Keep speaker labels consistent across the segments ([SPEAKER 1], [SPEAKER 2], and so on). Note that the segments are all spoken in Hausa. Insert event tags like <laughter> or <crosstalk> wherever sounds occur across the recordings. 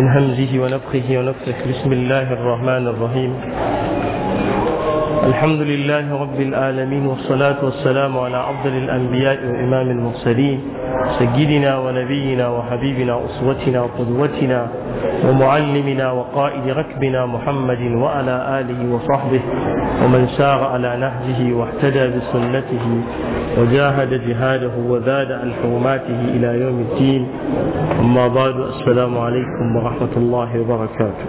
[SPEAKER 1] من همزه ونفخه ونفخه بسم الله الرحمن الرحيم الحمد لله رب العالمين والصلاة والسلام على أفضل الأنبياء وإمام المرسلين سيدنا ونبينا وحبيبنا أسوتنا وقدوتنا ومعلمنا وقائد ركبنا محمد وعلى آله وصحبه ومن سار على نهجه واهتدى بسنته وجاهد جهاده وزاد عن حرماته إلى يوم الدين أما بعد السلام عليكم ورحمة الله وبركاته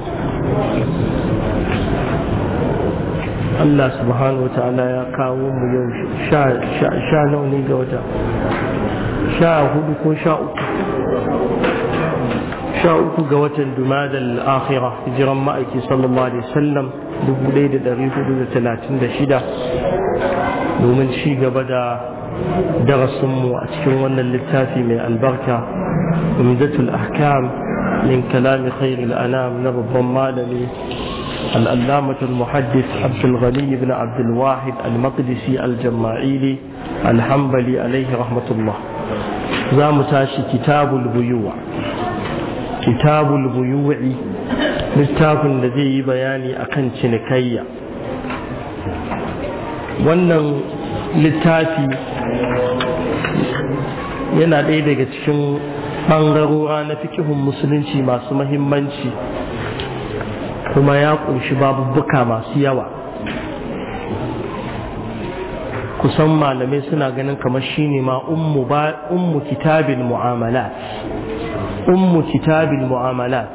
[SPEAKER 1] Allah subhanahu wa ta'ala ya kawo mu yau sha nawa ne ga wata sha hudu ko sha uku sha uku ga watan dumadal akhira hijiran ma'aiki sallallahu alaihi wasallam 1436 domin ci gaba da darasinmu a cikin wannan littafi mai albarka umdatul ahkam min kalami khairul anam na babban malami الألامة المحدث عبد الغني بن عبد الواحد المقدسي الجماعيلي الحنبلي عليه رحمة الله زام تاشي كتاب البيوع كتاب البيوع littafin da zai yi bayani a kan cinikayya wannan littafi yana ɗaya daga cikin ɓangarora na fikihun musulunci masu mahimmanci kuma ya ƙunshi babubbuka masu yawa kusan malamai suna ganin kamar shine ma ummu kitabil mu'amalat ummu kitabin mu'amalat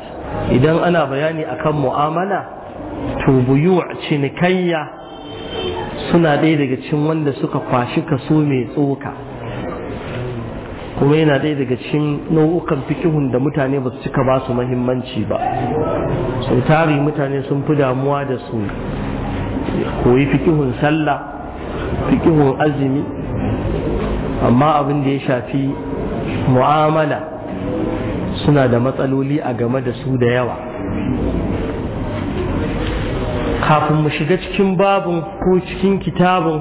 [SPEAKER 1] idan ana bayani akan mu'amala to buyu cinikayya suna ɗaya daga cikin wanda suka kwashi kaso mai tsoka kuma yana ɗaya daga cikin nau'ukan fikihun da mutane ba su cika ba su mahimmanci ba sau tari mutane sun fi damuwa da su koyi fikihun sallah fikihun azumi amma abin da ya shafi mu'amala suna da matsaloli a game da su da yawa kafin mu shiga cikin babin ko cikin kitabin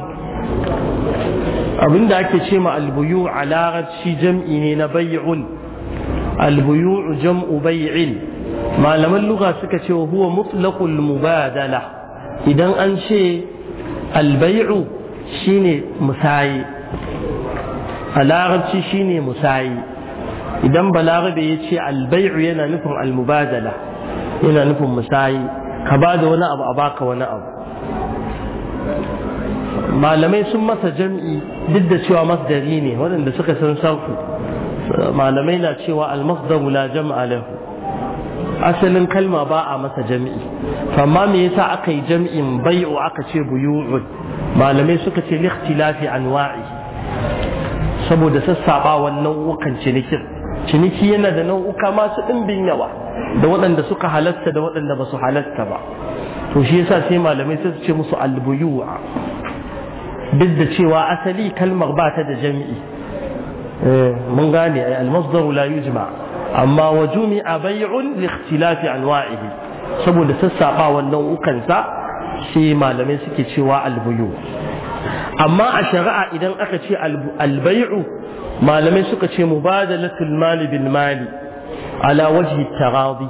[SPEAKER 1] abinda ake ce ma albuyu a larabci jam'i ne na bai'un albuyu jam'u bay'in malaman luga suka ce huwa mutlaqul mubadala idan an ce albay'u shine musayi a larabci shine musayi idan balarabe ya ce albai'u yana nufin almubadala yana nufin musayi ka ba da wani abu a baka wani abu malamai sun masa jam'i duk da cewa masdari ne waɗanda suka san sarku malamai na cewa almasdaru la jam'a lahu asalin kalma ba a masa jam'i amma me yasa aka yi jam'in bai'u aka ce buyu'ud malamai suka ce likhtilafi anwa'i saboda sassabawan nau'ukan cinikin ciniki yana da nau'uka masu ɗimbin yawa da waɗanda suka halatta da waɗanda ba su halatta ba to shi yasa sai malamai sai su ce musu albuyu'a duk da cewa asali kalmar ba ta da jami'i mun gane almasdaru la yujma amma wa jumi'a bai'un li ikhtilafi anwa'ihi saboda sassafa wannan ukan sa shi malamai suke cewa albuyu amma a shari'a idan aka ce albai'u malamai suka ce mubadalatul mali bil mali ala wajhi taradi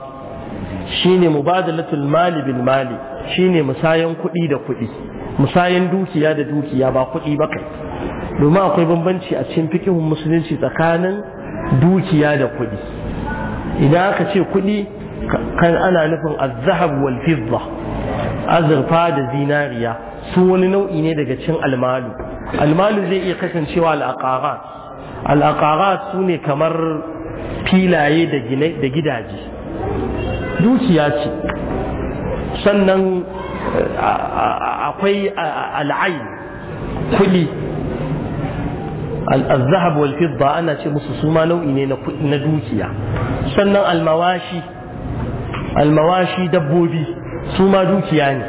[SPEAKER 1] shine mubadalatul mali bil mali shine musayan kuɗi da kuɗi musayin dukiya da dukiya ba kuɗi ba kai domin akwai bambanci a cikin fikihun musulunci tsakanin dukiya da kuɗi idan aka ce kuɗi kan ana nufin azhab wal azurfa da zinariya su wani nau'i ne daga cin almalu almalu zai iya kasancewa al'aƙara. Al'aƙara su ne kamar filaye da gidaje
[SPEAKER 2] dukiya ce
[SPEAKER 1] sannan akwai al'ai kuɗi al-zahab wal ana ce musu su ma nau'i ne na dukiya sannan almawashi almawashi dabbobi su ma dukiya ne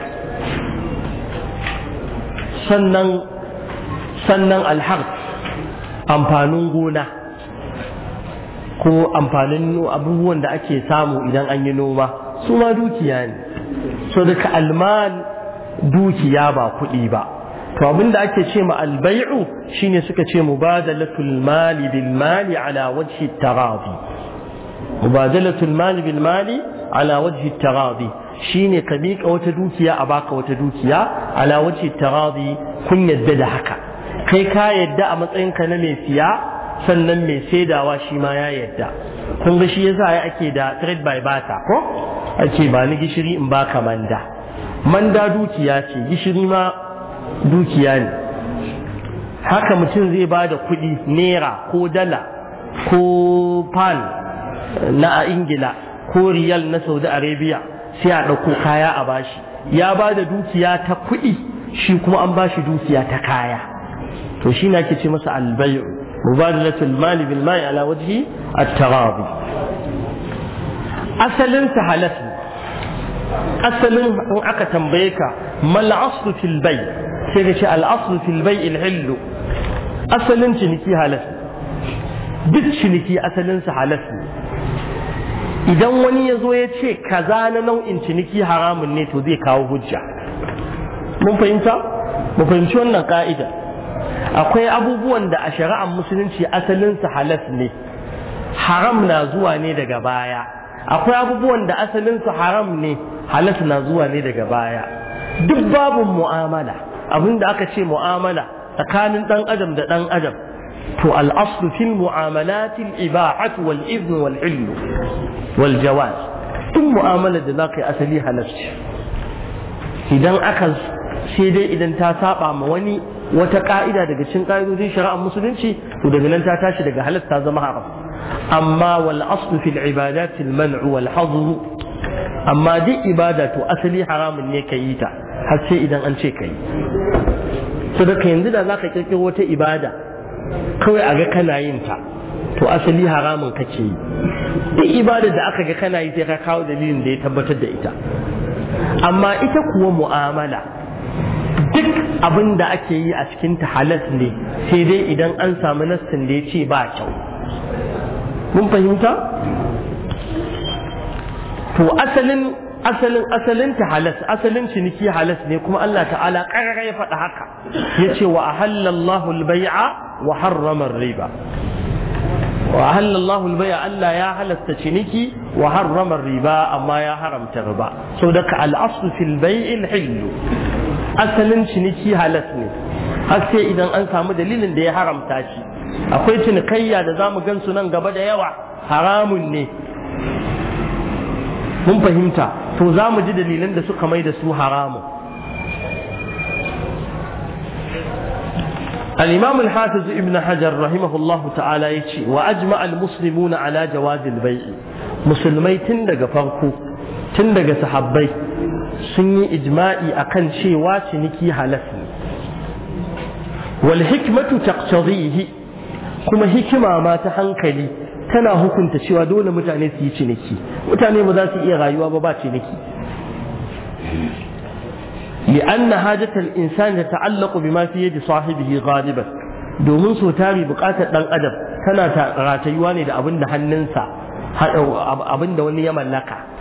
[SPEAKER 1] sannan sannan alhar amfanin gona ko amfanin abubuwan da ake samu idan an yi noma su ma dukiya ne so daga almal dukiya ba kuɗi ba to abin da ake ce ma albai'u shine suka ce mubadalatul mali bil mali ala wajhi tarabi mubadalatul mali bil mali ala wajhi tarabi shine ka miƙa wata dukiya a baka wata dukiya ala wajhi kun yadda da haka kai ka yadda a matsayinka na mai siya sannan mai saidawa shi ma ya yadda kun ga shi yasa ya ake da trade by barter ko ake ba ni gishiri in baka manda manda dukiya ce gishiri ma dukiya ne haka mutum zai ba da kuɗi naira ko dala ko pan na ingila ko riyal na saudi arabia sai a ɗauko kaya a bashi ya ba da dukiya ta kuɗi shi kuma an bashi dukiya ta kaya to shi na ke ce masa albayu مبادلة المال بالماء على وجه التراضي أسل سهلت أسل أكا تنبيك ما الأصل في البيع سيغش الأصل في البيع العل أسل شنكي هلت duk ciniki asalinsa halas idan wani ya zo ya ce kaza na nau'in ciniki haramun ne to zai kawo hujja mun fahimta mu fahimci wannan ka'ida akwai abubuwan da a shari'ar musulunci asalinsu halas ne haram na zuwa ne daga baya akwai abubuwan da asalinsu haram ne halas na zuwa ne daga baya duk babin mu'amala abin da aka ce mu'amala tsakanin ɗan adam da ɗan adam to al'aslu fil mu'amalati al-ibahatu wal izn wal ilm wal jawaz duk mu'amala da zaka yi asali halas ce idan aka sai dai idan ta saba ma wani wata ka'ida daga cikin ka'idojin shari'ar musulunci to daga nan ta tashi daga halatta zama haram amma wal aslu fil ibadat al man'u wal amma duk ibada to asali haramun ne kai ta har sai idan an ce kai to da ka yanzu da zaka kirkiro wata ibada kawai a ga kana yin ta to asali haramun kake yi duk ibada da aka ga kana yi sai ka kawo dalilin da ya tabbatar da ita amma ita kuwa mu'amala duk abin da ake yi a cikin halas ne sai dai idan an samu nassin da ya ce ba kyau mun fahimta to asalin asalin asalin halas asalin ciniki halas ne kuma Allah ta'ala karara ya faɗa haka ya ce wa ahallallahu al wa harrama riba wa halallahu albaya Allah ya halasta ciniki wa harrama riba amma ya haramta riba so daga al'asu fil bai'il hillu asalin ciniki halas ne har sai idan an samu dalilin da ya haramta shi akwai cinikayya da zamu mu gan su nan gaba da yawa haramun ne mun fahimta to zamu ji dalilan da suka mai da su haramun الإمام الحافظ ابن حجر رحمه الله تعالى يتشي وأجمع المسلمون على جواز البيع daga farko, tun daga sahabbai. sun yi ijma'i akan cewa ciniki halas ne wal hikmatu kuma hikima ma ta hankali tana hukunta cewa dole mutane su ciniki mutane ba za su iya rayuwa ba ba ciniki لأن حاجة الإنسان تتعلق بما في يد صاحبه غالبا domin so tari bukatar dan adam tana ratayuwa ne da abin hannunsa abin da wani ya mallaka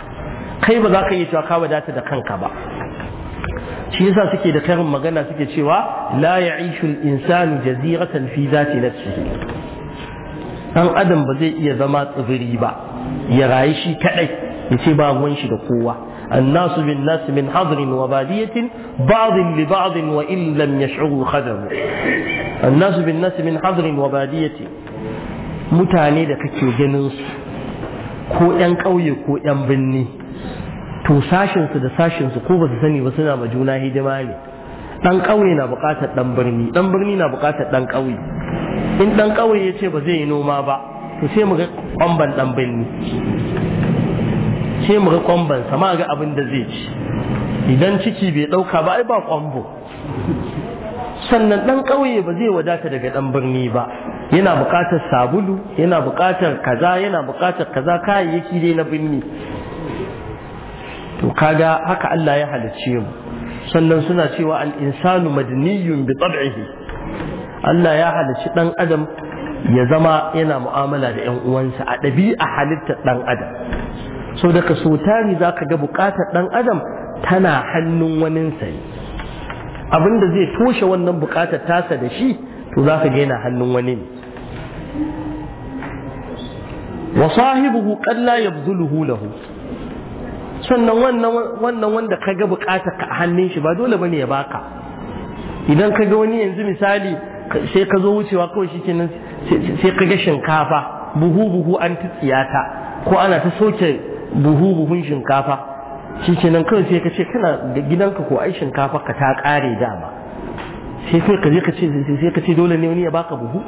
[SPEAKER 1] kai ba za ka yi cewa ka wadata da kanka ba shi yasa suke da karin magana suke cewa la ya'ishu al-insanu jaziratan fi zati nafsihi dan adam ba zai iya zama tsibiri ba ya rayu shi kadai ya ce ba ruwan shi da kowa الناس بالناس من حضر وبادية بعض لبعض وإن لم يشعروا خدم الناس بالناس من حضر وبادية mutane da kake ganin su ko 'yan ƙauye ko 'yan birni to sashinsu da sashinsu ko ba su sani ba suna ma juna hidima ne Dan ƙauye na buƙatar dan birni Dan birni na buƙatar dan ƙauye in dan ƙauye ya ce ba zai yi noma ba to sai mu ga kwamban dan birni sai mu ga sa sama ga abin da zai ci idan ciki bai ɗauka ba ai ba kwambo. sannan dan ƙauye ba zai wadata daga dan birni ba yana buƙatar sabulu yana buƙatar kaza yana buƙatar kaza kayayyaki dai na birni to kaga haka Allah ya halicce mu sannan suna cewa al-insanu madniyun bi tab'ihi Allah ya halicci dan adam ya zama yana mu'amala da ƴan uwansa a ɗabi'a halittar ɗan adam so daga so tari ka ga buƙatar ɗan adam tana hannun waninsa ne abinda zai toshe wannan buƙatar tasa da shi to zaka ga yana hannun wani ne wa sahibuhu qad la yabzuluhu lahu sannan wannan wanda ka ga bukatar ka a hannun shi ba dole bane ya baka idan ka ga wani yanzu misali sai ka zo wucewa kawai shi kenan sai ka ga shinkafa buhu buhu an ta tsiyata ko ana ta soke buhu buhun shinkafa shi kenan kawai sai ka ce kana da gidanka ko ai shinkafa ka ta kare dama sai sai ka je ka ce sai ka ce dole ne wani ya baka buhu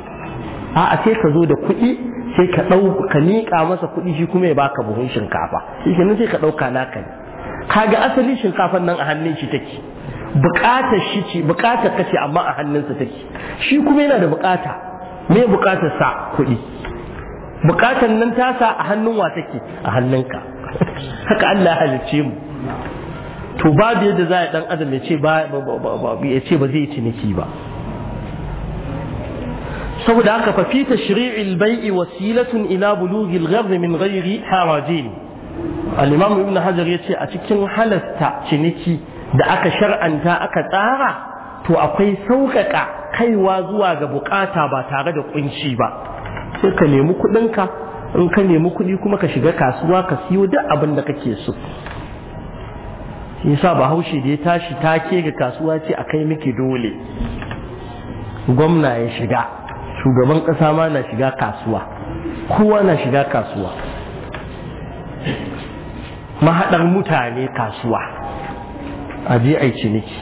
[SPEAKER 1] a'a sai ka zo da kuɗi sai ka ɗau ka masa kuɗi shi kuma ya baka buhun shinkafa shi kenan sai ka ɗauka naka ne kaga asalin shinkafan nan a hannun shi take buƙatar shi ce buƙatar kace amma a hannunsa take shi kuma yana da buƙata me buƙatar sa kuɗi buƙatar nan ta sa a hannun wa take a hannunka <laughs> haka Allah ya halicce mu to babu yadda za a dan adam ya ce ba zai yi ciniki ba saboda haka fa fi tashri'il bai'i wasilatun ila bulughil ghadh min ghairi harajin al-imam ibn hajar yace a cikin halasta ciniki da aka shar'anta aka tsara to akwai sauƙaƙa kaiwa zuwa ga bukata ba tare da kunci ba sai ka nemi kuɗinka in ka nemi kuɗi kuma ka shiga kasuwa ka siyo duk abin da kake so yasa bahaushe da ya tashi take ga kasuwa ce a kai miki dole gwamna ya shiga shugaban ƙasa ma na shiga kasuwa kowa na shiga kasuwa mahaɗar mutane kasuwa a je a yi ciniki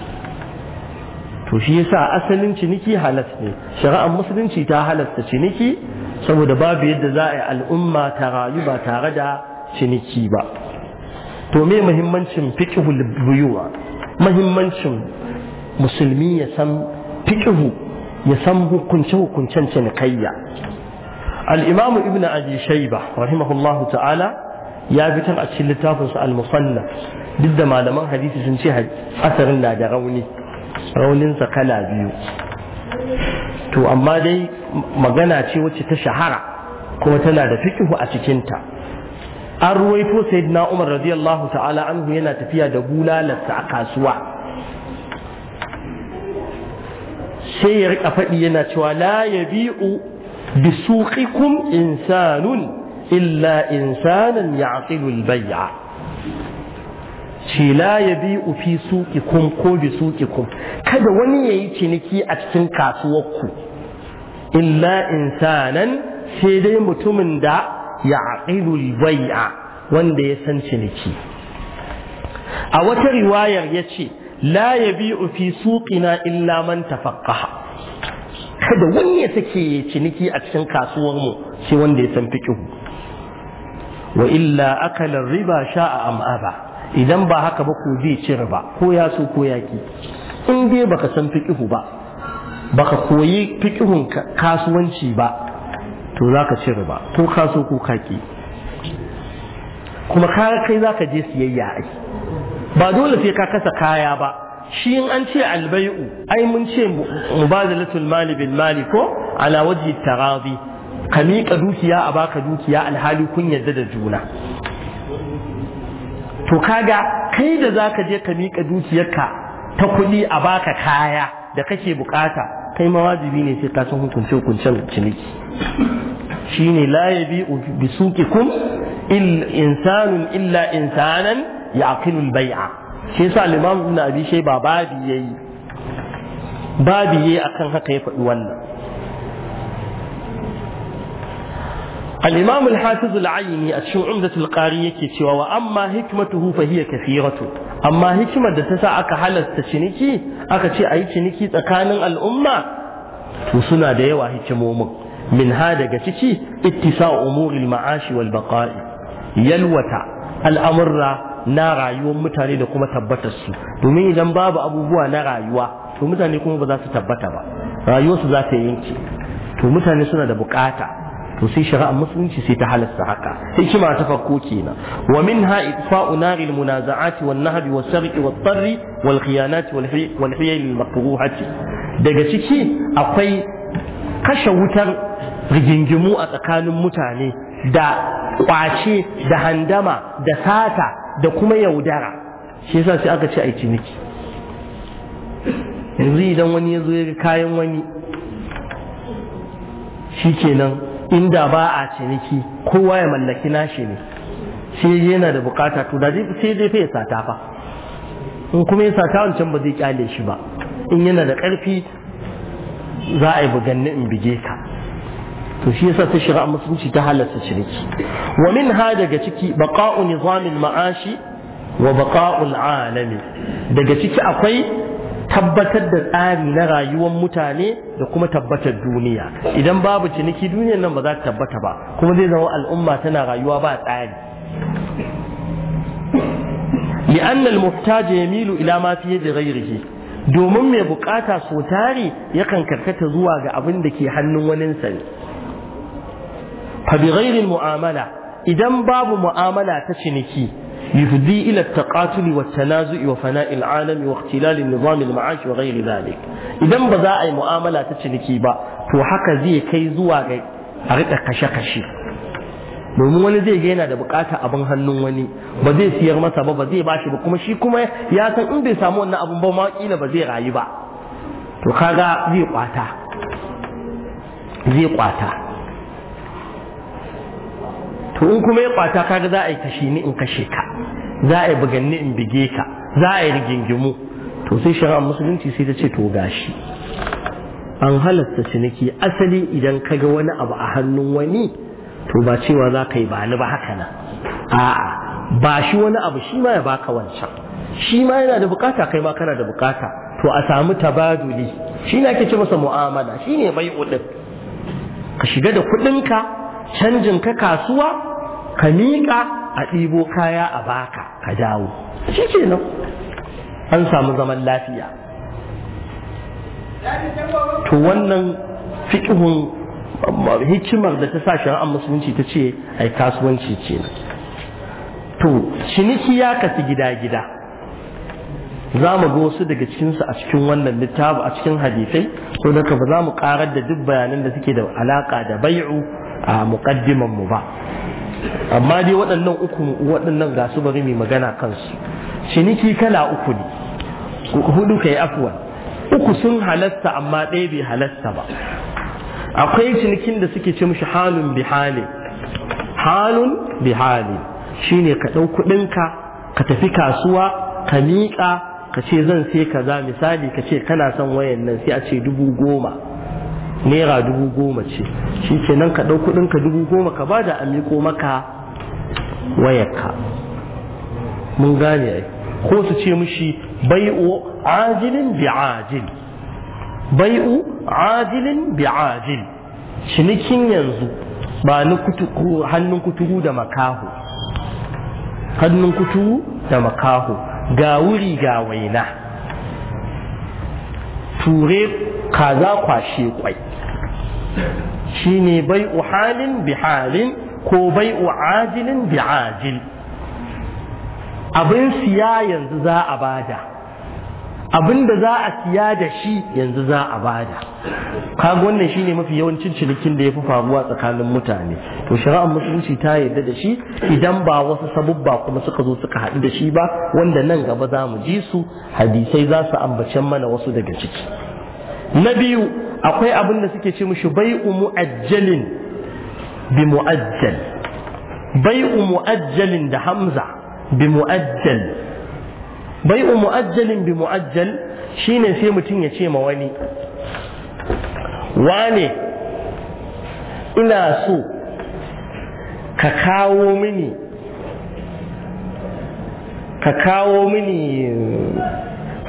[SPEAKER 1] to shi yasa asalin ciniki halas ne shari'ar musulunci ta halasta ciniki saboda babu yadda za a yi al'umma ta rayu ba tare da ciniki ba to me muhimmancin fiqhul buyuwa muhimmancin musulmi ya san fiqhu ya san hukunce hukuncen cinikayya al-imam ibn abi shayba rahimahullahu ta'ala ya fitar a cikin littafin sa al-musannaf duk da malaman hadisi sun ce asarin na da rauni raunin sa kala biyu to amma dai magana ce wacce ta shahara kuma tana da fikihu a cikinta an ruwaito sayyidina umar radiyallahu ta'ala anhu yana tafiya da bulalarsa a kasuwa sai ya rika faɗi yana cewa la yabi'u bi suqikum insanun illa insanan ya al-bay'a ce la ya yabi'u fi suqikum ko bi suqikum kada wani ya yi ciniki a cikin kasuwarku illa insanan sai dai mutumin da ya al-bay'a wanda ya san ciniki a wata riwayar ya ce. la يبيع في سوقنا illa من تفقه kada wani ya sake ciniki a cikin kasuwar mu sai wanda ya san fikihu wa illa akala riba sha a aba idan ba haka ba ko zai ci riba ko ya so ko ya ki in dai baka san fikihu ba baka koyi fikihun kasuwanci ba to zaka ci riba ko ka ko ka kuma kai zaka je siyayya ai ba dole sai ka kasa kaya ba shi in an ce albai'u ai mun ce mubadalatul mali bil mali ko ala wajhi taradi ka miƙa dukiya a baka dukiya alhali kun yadda da juna to kaga kai da zaka je ka miƙa dukiyarka ta kuɗi a baka kaya da kake bukata kai ma wajibi ne sai ka san hukuncin hukuncen ciniki shine la yabi bi suqikum il insanun illa insanan yaqilu al-bai'a shi yasa al-imam ibn abi shayba babi yayi babi yayi akan haka ya faɗi wannan الإمام الحافظ العيني الشيء عمدة القاري كتوى وأما هكمته فهي كثيرة أما هكمة تسعى كحالة تشنكي أكتشي أي تشنكي تكان الأمة وصنع ديوى هكموم من هذا كتشي اتساع أمور المعاش والبقاء يلوة الأمر na rayuwar mutane da kuma tabbatar su domin idan babu abubuwa na rayuwa to mutane kuma ba za su tabbata ba rayuwar su za ta yanke to mutane suna da bukata to sai shari'ar musulunci sai ta halasta haka hikima ta farko kenan wa minha itfa'u naril munaza'ati wan nahbi was sarqi wat tarri wal khiyanati wal hiyal maqruhati daga ciki akwai kashe wutar rigingimu a tsakanin mutane da kwace da handama da sata da kuma yaudara shi yasa sai aka ce a ciniki yanzu idan wani ya zo ya kayan wani shi kenan inda ba a ciniki kowa ya mallaki nashi ne sai yana da bukata to da sai zai fa ya sata fa in kuma ya sata wancan ba zai kyale shi ba in yana da ƙarfi, za a yi buganni in bige ka to shi yasa ta shiga musulunci ta halarta ciniki wa min ha daga ciki baqa'u nizamin ma'ashi wa baqa'ul alami daga ciki akwai tabbatar da tsari na rayuwar mutane da kuma tabbatar duniya idan babu ciniki duniyar nan ba za ta tabbata ba kuma zai zama al'umma tana rayuwa ba tsari Mi'annal al-muhtaj yamilu ila ma fi yadi ghayrihi domin mai bukata so tare yakan karkata zuwa ga abin da ke hannun waninsa fa bi ghairi mu'amala idan babu mu'amala ta ciniki yufdi ila taqatuli wa tanazu'i wa fana'il alami wa ikhtilal an-nizam al-ma'ash wa ghairi dhalik idan ba za a yi mu'amala ta ciniki ba to haka zai kai zuwa ga a rika kashe-kashe domin wani zai ga yana da bukata abin hannun wani ba zai siyar masa ba ba zai bashi ba kuma shi kuma ya san in bai samu wannan abun ba ma ba zai rayu ba to kaga zai kwata zai kwata to in kuma ya kwata kaga za a yi kashi ni in kashe ka za a yi buganni in bige ka za a yi rigingimu to sai shari'a musulunci sai ta ce to gashi an halasta ciniki asali idan ka ga wani abu a hannun wani to ba cewa za ka yi ba ni ba haka nan a'a ba shi wani abu shi ma ya baka wancan shi ma yana da bukata kai ma kana da bukata to a samu tabaduli shi ne ake ce masa mu'amala shi ne bai din ka shiga da kuɗinka canjin ka kasuwa ka miƙa a ɗibo kaya a baka ka dawo shi ke nan an samu zaman lafiya to wannan fiƙihun hikimar da ta sa shari'ar musulunci ta ce ai kasuwanci ce to ciniki ya kasu gida-gida za mu ga wasu daga cikinsu a cikin wannan littafi a cikin hadisai to daga ba za mu karar da duk bayanan da suke da alaƙa da bai'u a muqaddiman ba amma dai waɗannan uku waɗannan ga su bari mai magana kansu ciniki kala uku ne hudu kai afuwa uku sun halasta amma ɗaya bai halasta ba akwai cinikin da suke ce mishi halun bi hali halun bi hali shine ka ɗau kuɗinka ka tafi kasuwa ka miƙa ka ce zan sai kaza misali ka ce kana son wayan nan sai a ce dubu goma naira dubu goma ce shi ke nan ka ɗau kuɗinka dubu goma ka ba da a maka wayarka mun gane ai ko su ce mushi bai'u ajilin bi ajil bai'u ajilin bi ajil cinikin yanzu ba ni hannun kuturu da makaho hannun kuturu da makaho ga wuri ga waina ture kaza kwashe kwai shine bai halin bi halin ko bai ajilin bi ajil abin siya yanzu za a bada abin da za a siya da shi yanzu za a bada kaga wannan shine mafi yawancin cinikin da ya fi faruwa tsakanin mutane to shari'ar musulunci ta yarda da shi idan ba wasu sabubba kuma suka zo suka haɗu da shi ba wanda nan gaba za mu ji su hadisai za su ambace mana wasu daga ciki na biyu akwai abin da suke ce mushi bai'u mu'ajjalin bi mu'ajjal bai'u mu'ajjalin da hamza bi mu'ajjal bai'u mu'ajjalin bi mu'ajjal shine sai mutum ya ce ma wani wane ina so ka kawo mini ka kawo mini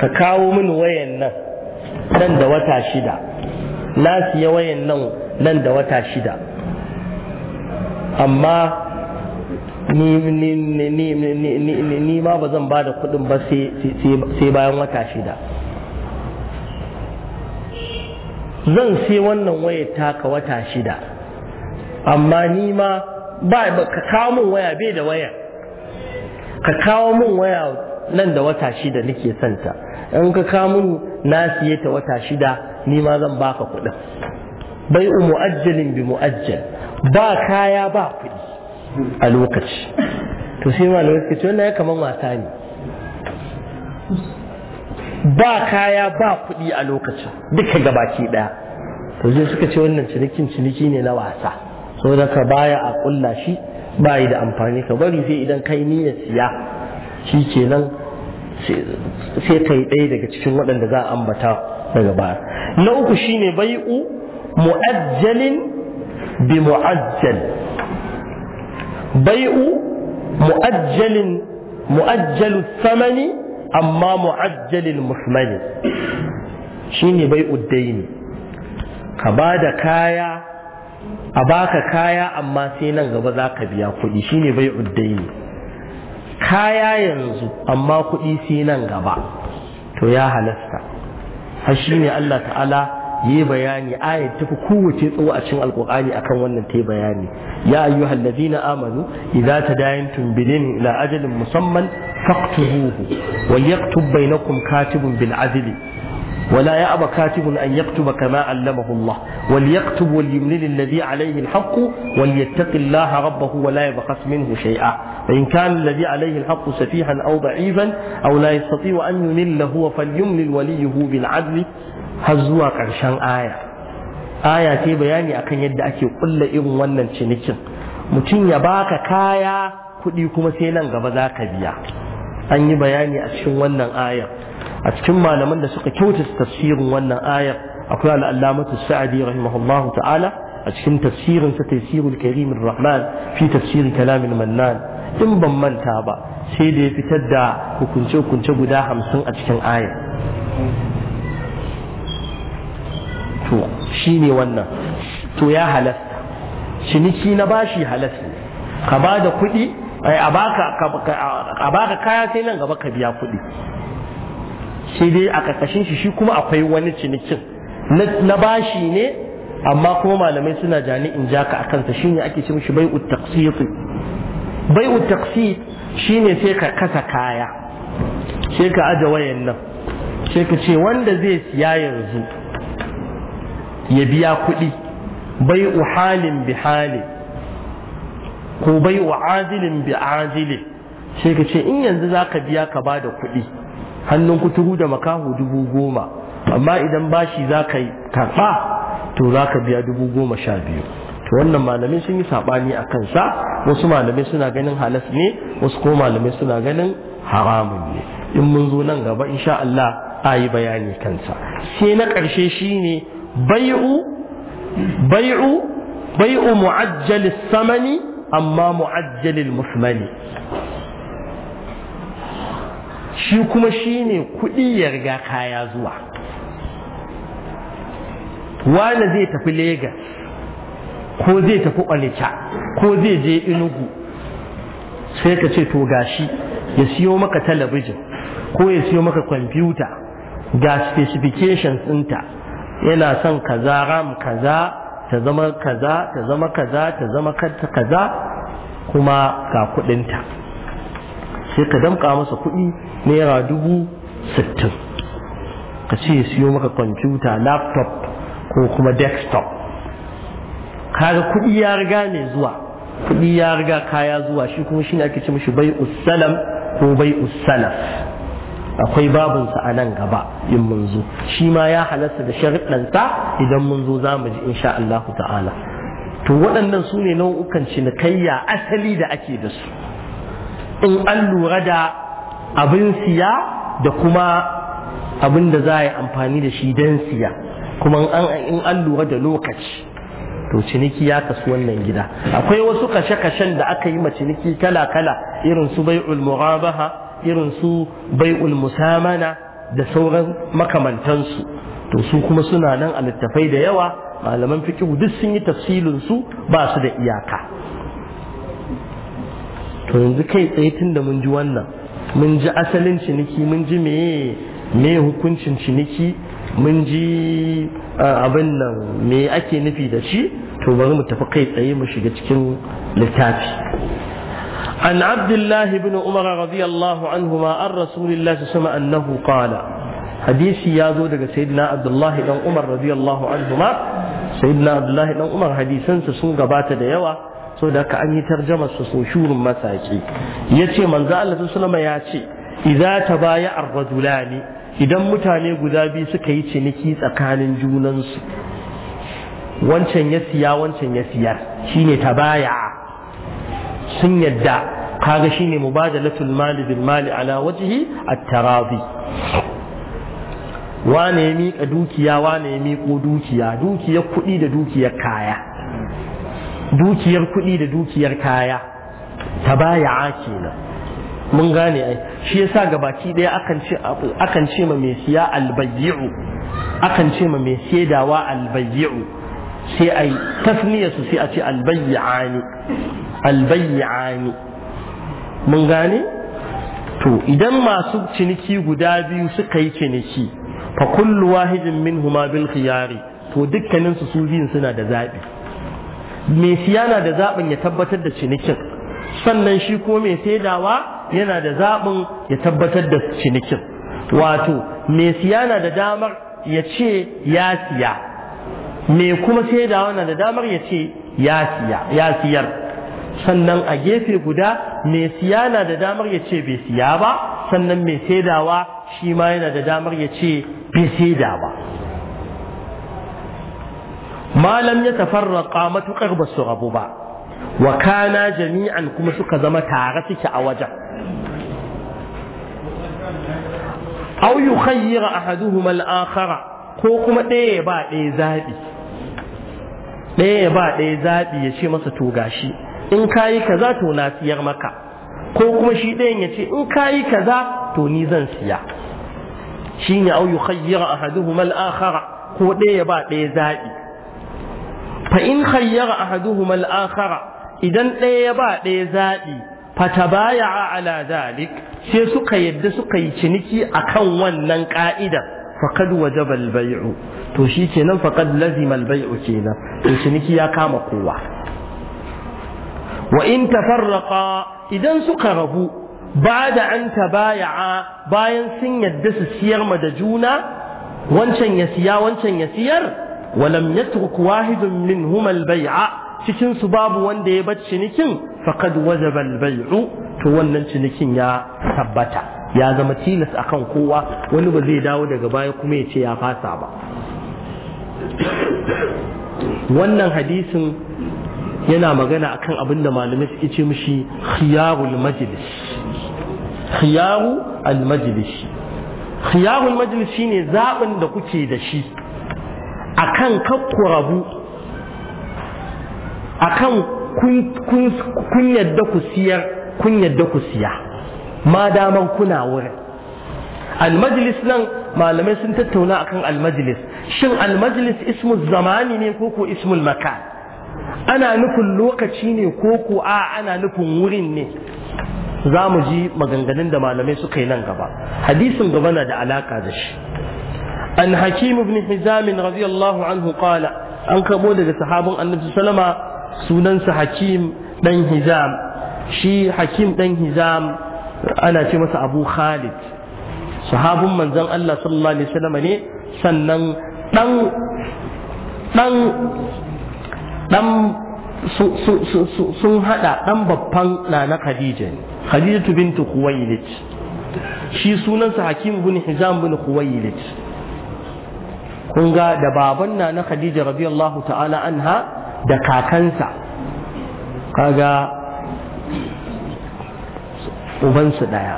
[SPEAKER 1] ka kawo mini wayan nan nan da wata shida na siya wayan nan nan da wata shida amma ni ma ba zan ba da kudin ba sai bayan wata shida zan sai wannan waya taka wata shida amma ni ma ba ka kawo min waya bai da waya ka kawo min waya nan da wata shida nake santa in ka kawo min na ta wata shida ni ma zan baka kuɗin bai mu'ajjalin bi mu'ajjal ba kaya ba kuɗi a lokaci to sai malamai suka ce wannan ya kamar mata ne ba kaya ba kuɗi a lokacin duka gabaki ɗaya to sai suka ce wannan cinikin ciniki ne na wasa saboda ka baya a ƙulla shi ba yi da amfani ka bari sai idan kai niyyar siya shi kenan sai kai ɗaya daga cikin waɗanda za a ambata daga baya na uku shine bai'u mu'ajjalin bi mu'ajjal bai'u mu'ajjalin mu'ajjalu thamani amma mu'ajjalil musmani shine bai'u daini ka ba da kaya a baka kaya amma sai nan gaba za ka biya kuɗi shine bai'u daini kaya yanzu amma kuɗi sai nan gaba to ya halasta har shine Allah ta'ala yi bayani ayat ku kowace tsowa a cikin alqur'ani akan wannan ta bayani ya ayyuhal ladina amanu idza tadayantum bidin ila ajalin musamman faqtuhu wa yaktub bainakum katibun bil adli ولا يأبى كاتب أن يكتب كما علمه الله وليكتب وليملل الذي عليه الحق وليتق الله ربه ولا يبخس منه شيئا فإن كان الذي عليه الحق سفيها أو ضعيفا أو لا يستطيع أن يمل هو فليملل وليه بالعدل هزوا قرشان آية آية تي بياني أكن يد أكي قل إن ونن شنكين mutum يباك كايا كل kuɗi kuma sai nan gaba za ka biya a cikin malaman da suka kyauta tafsirin wannan ayar akwai al'allamatu sa'adi rahimahullahu ta'ala a cikin tafsirin sa tafsirul karim rahman fi tafsirin kalamin mannan in ban manta ba sai da ya fitar da hukunce hukunce guda hamsin a cikin ayar to shi ne wannan to ya halasta ciniki na bashi halasta ka ba da kuɗi a baka kaya sai nan gaba ka biya kuɗi sai dai a ƙarƙashin shi shi kuma akwai wani cinikin na bashi ne amma kuma malamai suna jani in jaka a kansa ne ake ce mishi bai'ut bai bai'ut shi ne sai ka kasa kaya sai ka aje wayan nan sai ka ce wanda zai siya yanzu ya biya kuɗi u halin bi hali ko u azilin bi azilin sai ka ce in yanzu za ka biya ka bada kuɗi hannun kuturu da makaho dubu goma amma idan bashi za ka karɓa to za ka biya dubu goma sha biyu to wannan malamai sun yi saɓani a kansa wasu malamai suna ganin halas ne wasu ko malamai suna ganin haramun ne in mun zo nan gaba insha Allah a yi bayani kansa sai na ƙarshe shine bai'u bai'u bai'u mu'ajjalis samani amma mu'ajjalil musmani
[SPEAKER 2] shi kuma shi
[SPEAKER 1] ne kuɗi ya riga kaya zuwa wani zai tafi Legas ko zai tafi Onitsha ko zai je Enugu sai ka ce to gashi ya siyo maka talabijin ko ya siyo maka kwamfuta ga specification ɗinta yana son kaza ram kaza ta zama kaza ta zama kaza ta zama kaza kuma ga kuɗinta sai ka damƙa masa kuɗi naira dubu sittin ka ce siyo maka kwamfuta laptop ko kuma desktop kaga kuɗi ya riga ne zuwa kuɗi ya riga kaya zuwa shi kuma shi ne ake ci mishi bai usalam ko bai usalaf akwai babinsa a nan gaba in mun zo shi ma ya halasta da sharuɗansa idan mun zo za mu ji insha Allah ta'ala to waɗannan su ne nau'ukan cinikayya asali da ake da su in an lura da abin siya da kuma abin da za a yi amfani da shi don siya kuma in an lura da lokaci to ciniki ya kasu wannan gida akwai wasu kashe-kashen da aka yi ma ciniki kala-kala irin su bai'ul murabaha irin su bai ulmusamana da sauran makamantansu to su kuma suna nan a littafai da yawa malaman fikihu duk sun yi tafsilin ba su da iyaka to yanzu kai tsaye tun da mun ji wannan mun ji asalin ciniki mun ji meye me hukuncin ciniki mun ji abin nan me ake nufi da shi to bari mu tafi kai tsaye mu shiga cikin littafi an abdullahi ibn umar radiyallahu anhu ma an rasulillahi sama annahu qala hadisi ya zo daga sayyidina abdullahi dan umar radiyallahu anhu ma sayyidina abdullahi dan umar hadisansa sun gabata da yawa so da ka an yi tarjamar su so shurin masaki yace manzo Allah sallallahu ya ce idza tabaya ar-rajulani idan mutane guda biyu suka yi ciniki tsakanin junansu wancan ya siya wancan ya siyar shine tabaya sun yadda kaga shine mubadalatul mali bil mali ala wajhi at-taradi wane ya miƙa dukiya wane ya miƙo dukiya dukiyar kuɗi da dukiyar kaya dukiyar kuɗi da dukiyar kaya ta baya kenan mun gane ai shi yasa gabaki ɗaya akan ce akan ce ma mai siya albayyi'u akan ce ma mai saidawa albayyi'u sai ai tasniya su sai a ce albayyi'ani albayyi'ani mun gane to idan masu ciniki guda biyu suka yi ciniki fa kullu wahidin minhuma bil khiyari to dukkanin su su biyun suna da zabi mai siya na da zaɓin ya tabbatar da cinikin sannan shi ko mai saidawa yana da zaɓin ya tabbatar da cinikin wato mai siya na da damar ya ce ya siya mai kuma saidawa na da damar ya ce ya siyar sannan a gefe guda mai siya na da damar ya ce bai siya ba sannan mai saidawa shi ma yana da damar ya ce bai saida ba malam ya tafarraƙa matuƙar ba su rabu ba wa kana jami'an kuma suka zama tare suke a wajen
[SPEAKER 2] aw yukhayyira
[SPEAKER 1] ahaduhuma al-akhara ko kuma ɗaya ba ɗaya zabi ɗaya ba ɗaya zaɓi ya ce masa to gashi in kayi kaza to na siyar maka ko kuma shi ɗayan ya ce in kayi kaza to ni zan siya shine aw yukhayyira ahaduhuma al-akhara ko ɗaya ba ɗaya zaɓi. fa in khayyara ahaduhuma al-akhara idan ɗaya ya ba ɗaya zaɓi fatabaya'a ala zalik sai suka yadda suka yi ciniki akan wannan ƙa'idar. faqad wajaba al-bay'u to shikenan faqad lazima al-bay'u kenan to ciniki ya kama kowa wa in tafarraqa idan suka rabu bada an tabaya'a bayan sun yadda su siyar ma da juna wancan ya siya wancan ya siyar ولم يترك واحد منهما البيع cikin su babu wanda ya bar cinikin faqad wajaba al-bay'u to wannan cinikin ya tabbata ya zama tilas akan kowa wani ba zai dawo daga baya kuma ya ce ya fasa ba wannan hadisin yana magana akan abinda da malamai suke ce mishi khiyarul majlis khiyaru al-majlis khiyarul majlis shine zaɓin da kuke da shi akan kakku rabu akan kun yadda ku siyar kun yadda ku siya ma daman kuna wurin almajlis nan malamai sun tattauna akan almajlis shin almajlis ismu zamani ne ko ko ismul makan ana nufin lokaci ne ko ko a ana nufin wurin ne za mu ji maganganun da malamai suka yi nan gaba hadisin gaba na da alaka da shi an hakim ibn hizam radiyallahu anhu qala an kabo daga sahabin annabi sallama sunansa hakim dan hizam shi hakim dan hizam ana ce masa abu khalid sahabin manzon Allah sallallahu alaihi ne sannan dan dan dan sun haɗa ɗan babban nana Khadija Khadijatu bintu Khuwailid shi sunansa Hakim bin Hizam bin Khuwailid kun ga da baban na na khadija radiyallahu ta'ala anha da kakansa kaga ubansu daya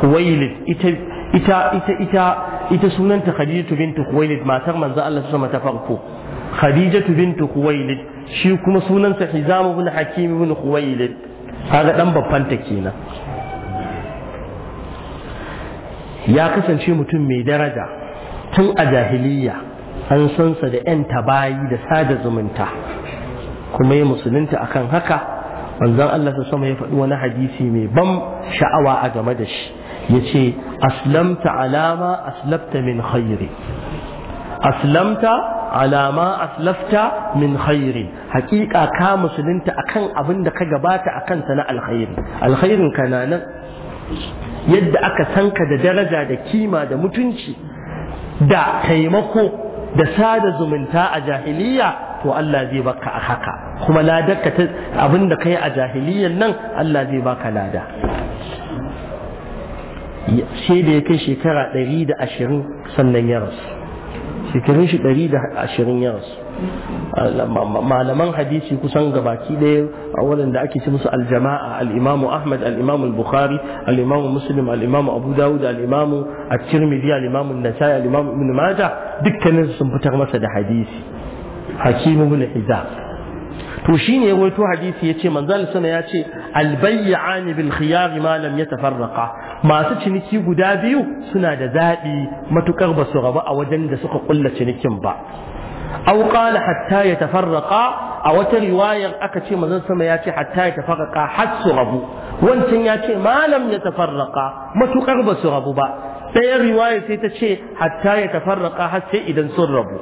[SPEAKER 1] huwailid ita ita ita ita ita sunanta khadijatu bintu huwailid matar manzo Allah sama ta farko khadijatu bintu huwailid shi kuma sunansa hizam ibn hakim ibn huwailid
[SPEAKER 3] kaga dan babban ta
[SPEAKER 1] kenan ya kasance mutum mai daraja tun a jahiliya an san sa da 'yan tabayi da sada zumunta kuma ya musulunta akan haka Wanzan Allah ta sama ya faɗi wani hadisi mai ban sha'awa a game da shi ya ce aslamta alama aslafta min khairi aslamta alama aslafta min khairi hakika ka musulunta akan abin da ka gabata a kansa na alkhairi alkhairin ka nan yadda aka sanka da daraja da kima da mutunci da taimako da sada zumunta a jahiliya to Allah zai baka a haka kuma ladarka ta abin da kai a jahiliyan nan Allah zai baka lada shi da ya kai shekara 120 sannan ya rasu shekarun shi 120 ya rasu malaman hadisi kusan gabaki ɗaya a da ake ci musu aljama'a al'imamu ahmad al'imamu bukhari al'imamu muslim al'imamu abu dawud al'imamu at-tirmidhi al'imamu nasai al'imamu ibn majah dukkanin sun fitar masa da hadisi hakim ibn hizab to shine ya rawaito hadisi yace manzal sana yace al-bay'an bil khiyar ma lam yatafarraqa masu ciniki guda biyu suna da zabi matukar basu su rabu a wajen da suka kulla cinikin ba aw qala hatta yatafarraqa a wata riwayar aka ce mazan sama ya ce hatta yatafarraqa har su rabu wancan ya ce malam ya tafarraqa matukar ba su rabu ba ɗayan riwaya sai ta ce hatta ya tafarraqa har sai idan sun rabu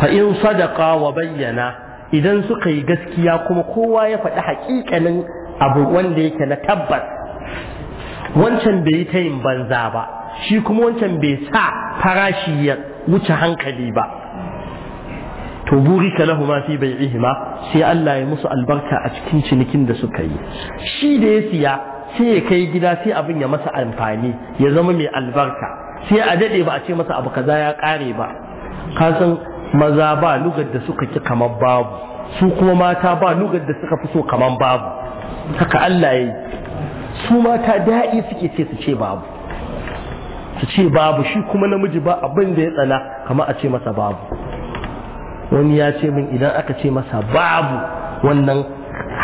[SPEAKER 1] fa in sadaqa wa bayyana idan suka yi gaskiya kuma kowa ya faɗi haƙiƙanin abu wanda yake na tabbas wancan bai yi tayin banza ba shi kuma wancan bai sa farashi ya wuce hankali ba to buri ka lahu ma fi ihima sai Allah ya musu albarka a cikin cinikin da suka yi shi da ya siya sai ya kai gida sai abin ya masa amfani ya zama mai albarka sai a dade ba a ce masa abu kaza ya kare ba ka san maza ba lugar da suka ki kamar babu su kuma mata ba lugar da suka fi so kamar babu haka Allah ya su mata daɗi suke ce su ce babu su ce babu shi kuma namiji ba abin da ya tsana kama a ce masa babu wani ya ce min idan aka ce masa babu wannan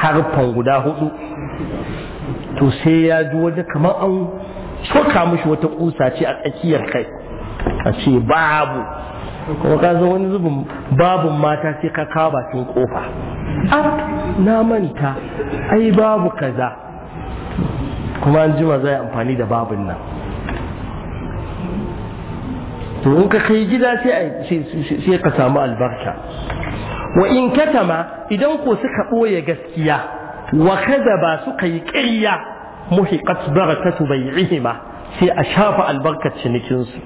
[SPEAKER 1] harfan guda hudu to sai ya ji waje kamar an soka mushi wata kusa ce a tsakiyar kai a ce babu kuma ka zo wani zubin babun mata sai ka kawo bakin kofa ah, na manta ai babu kaza kuma an jima za amfani da babin nan to in ka kai gida sai ka samu albarka wa in katama idan ko suka ɓoye gaskiya wa kada ba suka yi ƙirya muhiqat barakatu bai'ihima sai a shafa albarkar cinikinsu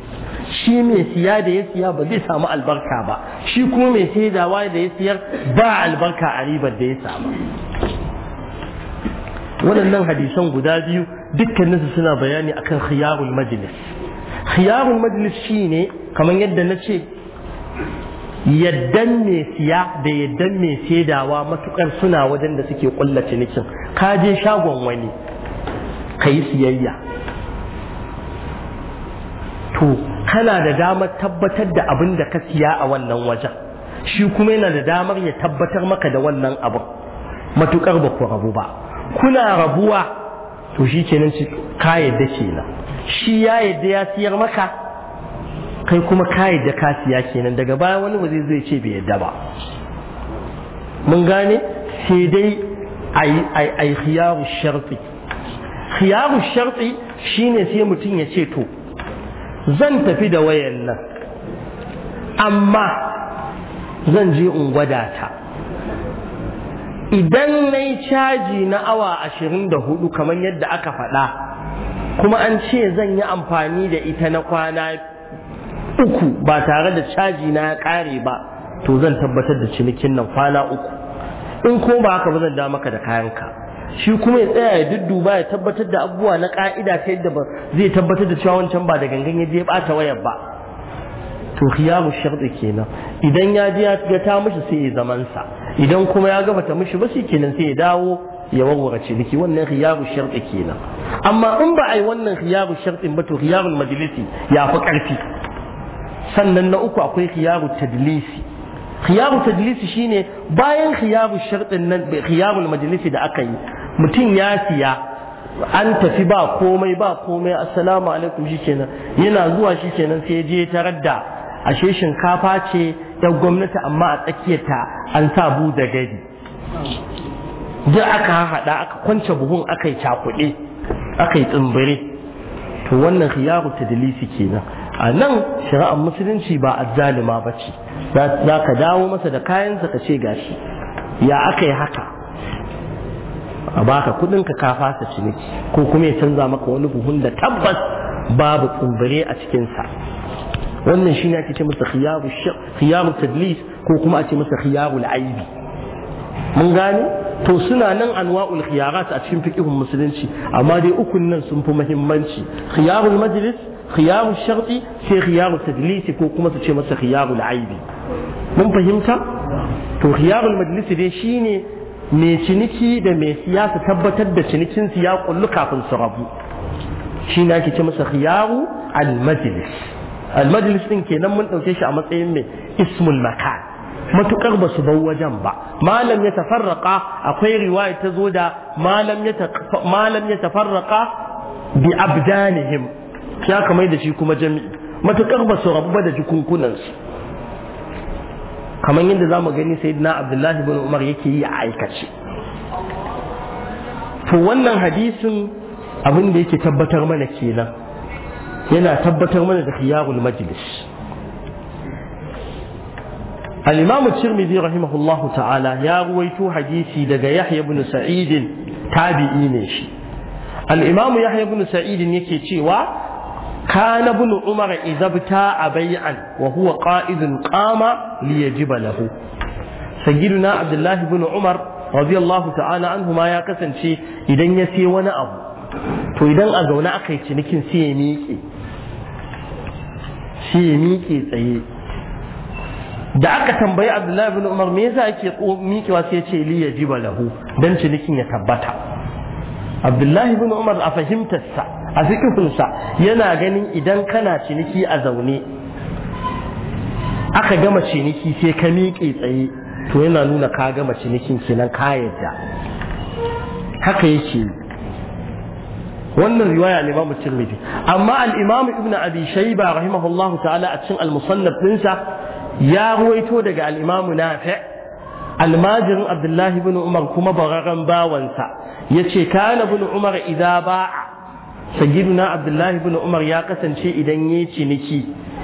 [SPEAKER 1] shi mai siya da ya siya ba zai samu albarka ba shi kuma mai saidawa da ya siyar ba albarka a ribar da ya samu waɗannan hadisan guda biyu dukkaninsu suna bayani akan khiyarul majlis khiyarul majlis shine kamar yadda na ce yaddan mai siya da yaddan mai shaidawa matukar suna wajen da suke kulla cinikin ka je shagon wani ka yi siyayya to kana da damar tabbatar da abin da ka siya a wannan wajen shi kuma yana da damar ya tabbatar maka da wannan abin matukar ba ku rabu ba kuna rabuwa to shi kenan ka yadda kenan shi ya yadda ya siyar maka kai kuma ka yadda ka siya kenan daga baya wani ba zai ce bai yadda ba mun gane sai dai a yi khiyaru sharfi khiyaru shi shine sai mutum ya ce to zan tafi da wayan nan amma zan je in gwada ta idan na yi caji na awa ashirin da hudu kamar yadda aka faɗa kuma an ce zan yi amfani da ita na kwana uku ba tare da caji na ya kare ba to zan tabbatar da cinikin nan kwana uku in ko ba haka ba zan da maka da kayanka shi kuma ya tsaya ya dudduba ya tabbatar da abubuwa na ka'ida ta yadda ba zai tabbatar da cewa wancan ba da gangan ya je ya bata wayar ba to khiyamu sharɗi kenan idan ya je ya ta mishi sai ya zaman sa idan kuma ya gaba ta mishi ba shi kenan sai ya dawo ya warware ciniki wannan khiyaru sharti kenan amma in ba a yi wannan khiyaru sharti ba to khiyarul majalisi ya fi ƙarfi sannan na uku akwai khiyaru tadlisi khiyaru tadlisi shine bayan khiyaru sharɗin nan khiyarul majalisi da aka yi mutum ya siya an tafi ba komai ba komai assalamu alaikum shikenan yana zuwa kenan sai je tarar da ashe shinkafa ce ta gwamnati amma a tsakiyarta an sa buda gari duk aka haɗa aka kwance buhun aka yi cakuɗe aka yi tsimbire to wannan khiyaru tadlisi kenan a nan shari'ar musulunci ba azzalima ba ce za ka dawo masa da kayansa ka ce gashi ya aka yi haka a baka kudin ka fasa ciniki ko kuma ya canza maka wani buhun da tabbas babu tsimbire a cikinsa wannan shine ake ce masa khiyaru khiyaru tadlis ko kuma a ce masa khiyaru aibi mun gane to suna nan anwa'ul khiyarat a cikin fiqhun musulunci amma dai ukun nan sun fi muhimmanci khiyarul majlis khiyarul sharti sai khiyarul tadlis ko kuma su ce masa khiyarul aibi mun fahimta to khiyarul majlis dai shine mai ciniki da mai siyasa tabbatar da cinikin su ya kullu kafin su rabu shine ake ce masa khiyaru al majlis almajlis din kenan mun ɗauke shi a matsayin mai ismul makan matukar ba su bar wajen ba malam ya tafarraka akwai riwaya ta zo da malam ya tafarraka bi abdanihim ya kamar da shi kuma jami'i matukar ba su rabu ba da jikunkunansu kamar yadda za mu gani na abdullahi bin umar yake yi a aikace to wannan hadisin abin da yake tabbatar mana kenan yana tabbatar mana da khiyarul majlis al-imam at-tirmidhi rahimahullahu ta'ala ya ruwaito hadisi daga yahya ibn sa'id tabi'i ne shi al-imam yahya ibn sa'id yake cewa kana ibn umar izabta a bay'an wa huwa qa'idun kama li yajiba lahu sayyiduna abdullah ibn umar radiyallahu ta'ala anhu ma ya kasance idan ya sai wani abu to idan a zaune aka yi cinikin sai ya shi ya miƙe tsaye da aka tambayi abdullahi bin umar me yasa ake miƙewa sai ce li ya ji lahu dan cinikin ya tabbata abdullahi bin umar a fahimtarsa a fikihinsa yana ganin idan kana ciniki a zaune aka gama ciniki sai ka miƙe tsaye to yana nuna ka gama cinikin kenan ka yadda haka yake wannan riwaya ne ba mu amma al-imam ibnu abi shayba rahimahullahu ta'ala a cikin al-musannaf dinsa ya ruwaito daga al-imam nafi almajirin abdullahi ibn umar kuma bararren bawansa yace kana ibn umar idza ba'a sayyiduna abdullahi ibn umar ya kasance idan yayi ciniki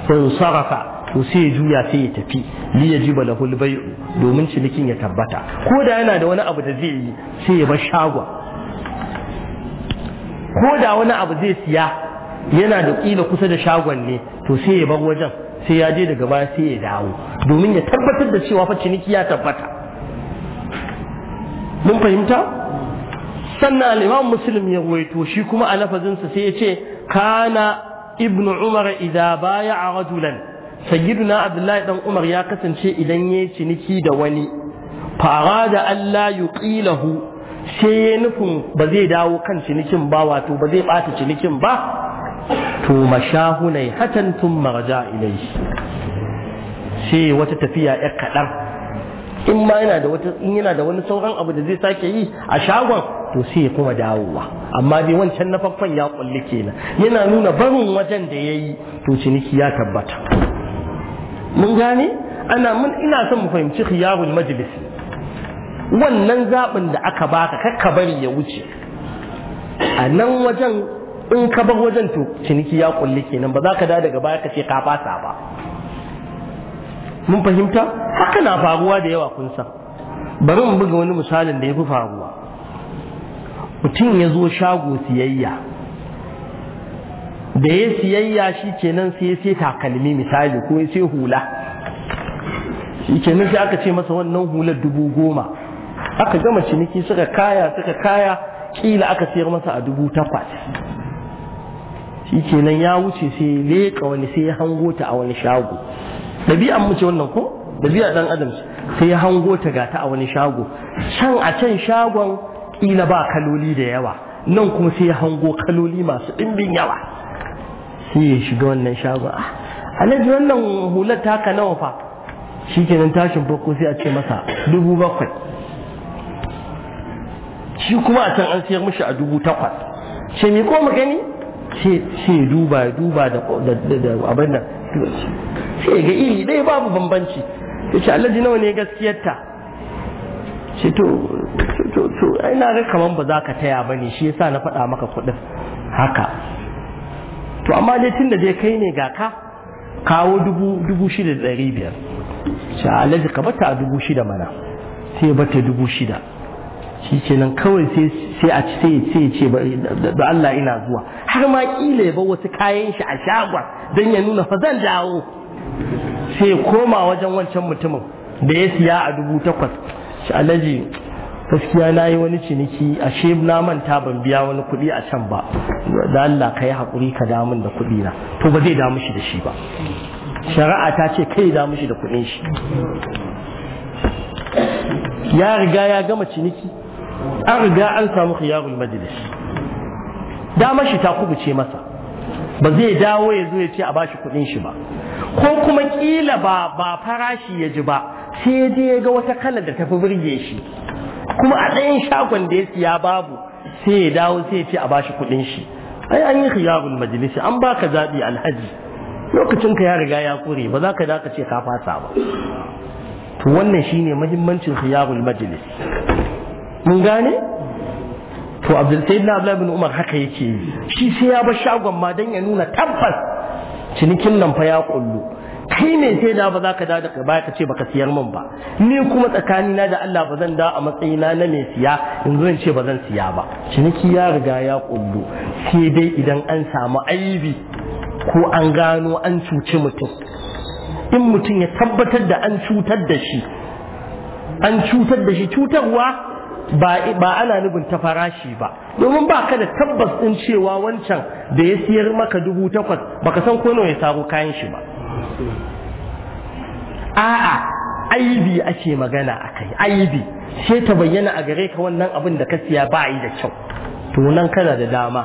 [SPEAKER 1] in sarafa to sai ya juya sai ya tafi li ya ji lahul bai'u domin cinikin ya tabbata ko da yana da wani abu da zai yi sai ya bar shagwa ko da wani abu zai siya yana da ƙila kusa da shagon ne to sai ya bar wajen sai ya je daga baya sai ya dawo domin ya tabbatar da cewa fa ciniki ya tabbata mun fahimta sannan al-imam muslim ya ruwaito shi kuma a lafazinsa sai ya ce kana ibnu umar idza baya'a rajulan sayyiduna abdullahi dan umar ya kasance idan yayi ciniki da wani fara da Allah yuqilahu sai ya nufin ba zai dawo kan cinikin ba wato ba zai ɓata cinikin ba to mashahunai hatan tun maraja ilai sai wata tafiya ya kaɗar in ma yana da wata in yana da wani sauran abu da zai sake yi a shagon to sai ya kuma dawowa amma dai wancan na farkon ya kulli kenan yana nuna barin wajen da ya yi to ciniki ya tabbata mun gane ana mun ina son mu fahimci khiyarul majlis wannan zaɓin da aka baka kakka bari ya wuce a nan wajen in ka bar wajen to ciniki ya kulli kenan ba za ka da daga baya ka ce ka fasa ba mun fahimta haka na faruwa da yawa kun san bari mu buga wani misalin da ya fi faruwa mutum ya zo shago siyayya da ya siyayya shi kenan sai sai takalmi misali ko sai hula shi kenan sai aka ce masa wannan hular dubu goma aka gama ciniki suka kaya suka kaya kila aka sayar masa a dubu takwas shi kenan ya wuce sai leƙa wani sai ya hango ta a wani shago ɗabi'an mu ce wannan ko ɗabi'a ɗan adam sai ya hango ta ga ta a wani shago can a can shagon kila ba kaloli da yawa nan kuma sai ya hango kaloli masu ɗimbin yawa sai ya shiga wannan shagon ah, alhaji wannan hular taka nawa fa shi kenan tashin farko sai a ce masa dubu bakwai shi kuma a can an sayar mashi a dubu takwas ce me ko mu gani sai duba duba da abin da sai ga iri ɗaya babu bambanci ya ce alhaji nawa ne gaskiyarta ce to to to ai na ga kaman ba za ka taya ba ne shi yasa na faɗa maka kuɗin haka to amma dai tun da dai kai ne ga ka kawo dubu dubu shida da ɗari biyar ce alhaji ka bata a dubu shida mana sai bata dubu shida shi nan kawai sai a ce sai ce da Allah ina zuwa har ma kila ya ba wasu kayan shi a shagon don ya nuna fazan zan dawo sai koma wajen wancan mutumin da ya siya a dubu takwas shi alaji gaskiya na yi wani ciniki ashe na manta ban biya wani kuɗi a can ba da Allah ka yi haƙuri ka damun da kuɗi na to ba zai damu shi da shi ba shari'a ta ce kai damu shi da kuɗin shi ya riga ya gama ciniki an riga an samu khiyarul majlis dama shi ta kubuce masa ba zai dawo ya zo ya ce a bashi kuɗin shi ba ko kuma kila ba ba farashi ya ji ba sai dai ya ga wata kalar da tafi burge shi kuma a ɗayan shagon da ya siya babu sai ya dawo sai ya ce a bashi kuɗin shi ai an yi khiyarul majlis an baka zabi alhaji lokacin ka ya riga ya kure ba za ka da ka ce ka fasa ba to wannan shine muhimmancin khiyarul majlis mun gane to abdul na abdullahi bin umar haka yake yi shi sai ya bar shagon ma dan ya nuna tabbas cinikin nan fa ya kullu kai ne sai da ba za ka da ka baya ka ce baka siyar min ba ni kuma tsakani na da Allah ba zan da a matsayina na mai siya in zan ce ba zan siya ba ciniki ya riga ya kullu sai dai idan an samu aibi ko an gano an cuci mutum in mutum ya tabbatar da an cutar da shi an cutar da shi cutarwa ba ana nufin ta farashi ba domin ba ka da tabbas ɗin cewa wancan da ya siyar maka dubu takwas ba ka san ko nawa ya saro kayan shi ba a'a aibi ake magana a kai aibi sai ta bayyana a gare ka wannan abin da ka siya ba yi da kyau to nan kana da dama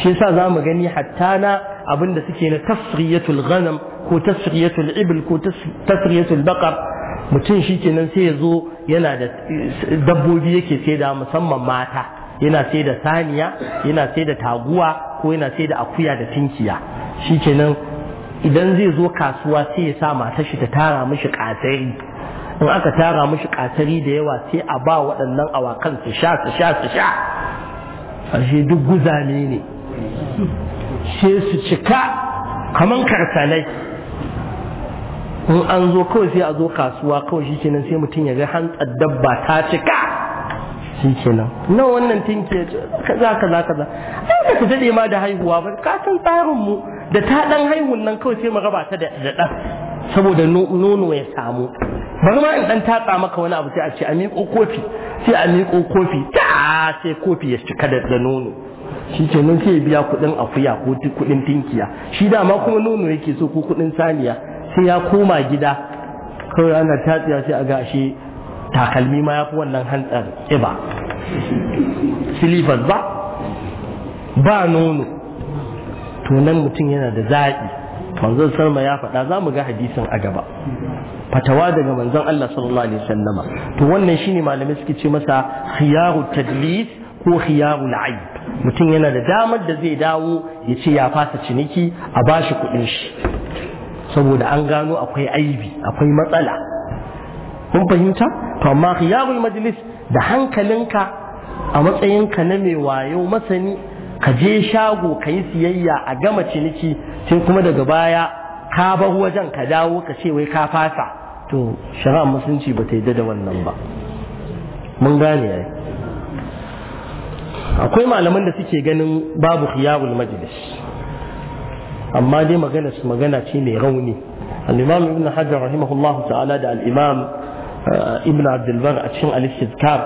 [SPEAKER 1] shi yasa za mu gani hatta na abin da suke na tasriyatul ghanam ko tasriyatul ibil ko tasriyatul baqar mutum shi kenan sai ya zo yana da dabbobi yake sai da musamman mata yana sai da saniya yana sai da taguwa ko yana sai da akuya da tinkiya shi kenan idan zai zo kasuwa sai ya sa matar shi ta tara mishi kasari in aka tara mashi kasari da yawa sai a ba waɗannan awakan su sha su sha su sha ashe duk guzame ne sai su cika kamar karsanai in an zo kawai sai a zo kasuwa kawai shi kenan sai mutum ya ga hantsar dabba ta cika shi kenan na wannan tinke kaza kaza kaza ai ka ta dade ma da haihuwa ba ka san tsarin mu da ta dan haihun nan kawai sai mu raba ta da dan saboda nono ya samu bari ma in dan tatsa maka wani abu sai a ce a miƙo kofi sai a miƙo kofi ta sai kofi ya cika da nono shi kenan sai ya biya kuɗin akuya ko kuɗin tinkiya shi dama kuma nono yake so ko kuɗin saniya sai ya koma gida kawai ana tatsiya sai a ga shi takalmi ma ya fi wannan hantar iba silifas ba ba nono tunan mutum yana da zaɓi manzon salma ya faɗa za mu ga hadisin a gaba fatawa daga manzon Allah sallallahu alaihi wasallama to wannan shine malamai suke ce masa khiyaru tadlis ko khiyaru aib mutum yana da damar da zai dawo ya ce ya fasa ciniki a bashi kuɗin shi saboda an gano akwai aibi akwai matsala kun fahimta to amma khiyarul majlis da hankalinka a matsayinka na mai wayo masani ka je shago ka yi siyayya a gama ciniki sai kuma daga baya ka bar wajen ka dawo ka ce wai ka fasa to shari'a musulunci ba ta yi da wannan ba mun gane akwai malaman da suke ganin babu khiyarul majlis amma dai magana su magana ce mai rauni al-imam ibn hajar rahimahullahu ta'ala da al-imam eh, ibn abdulbar a cikin al-istizkar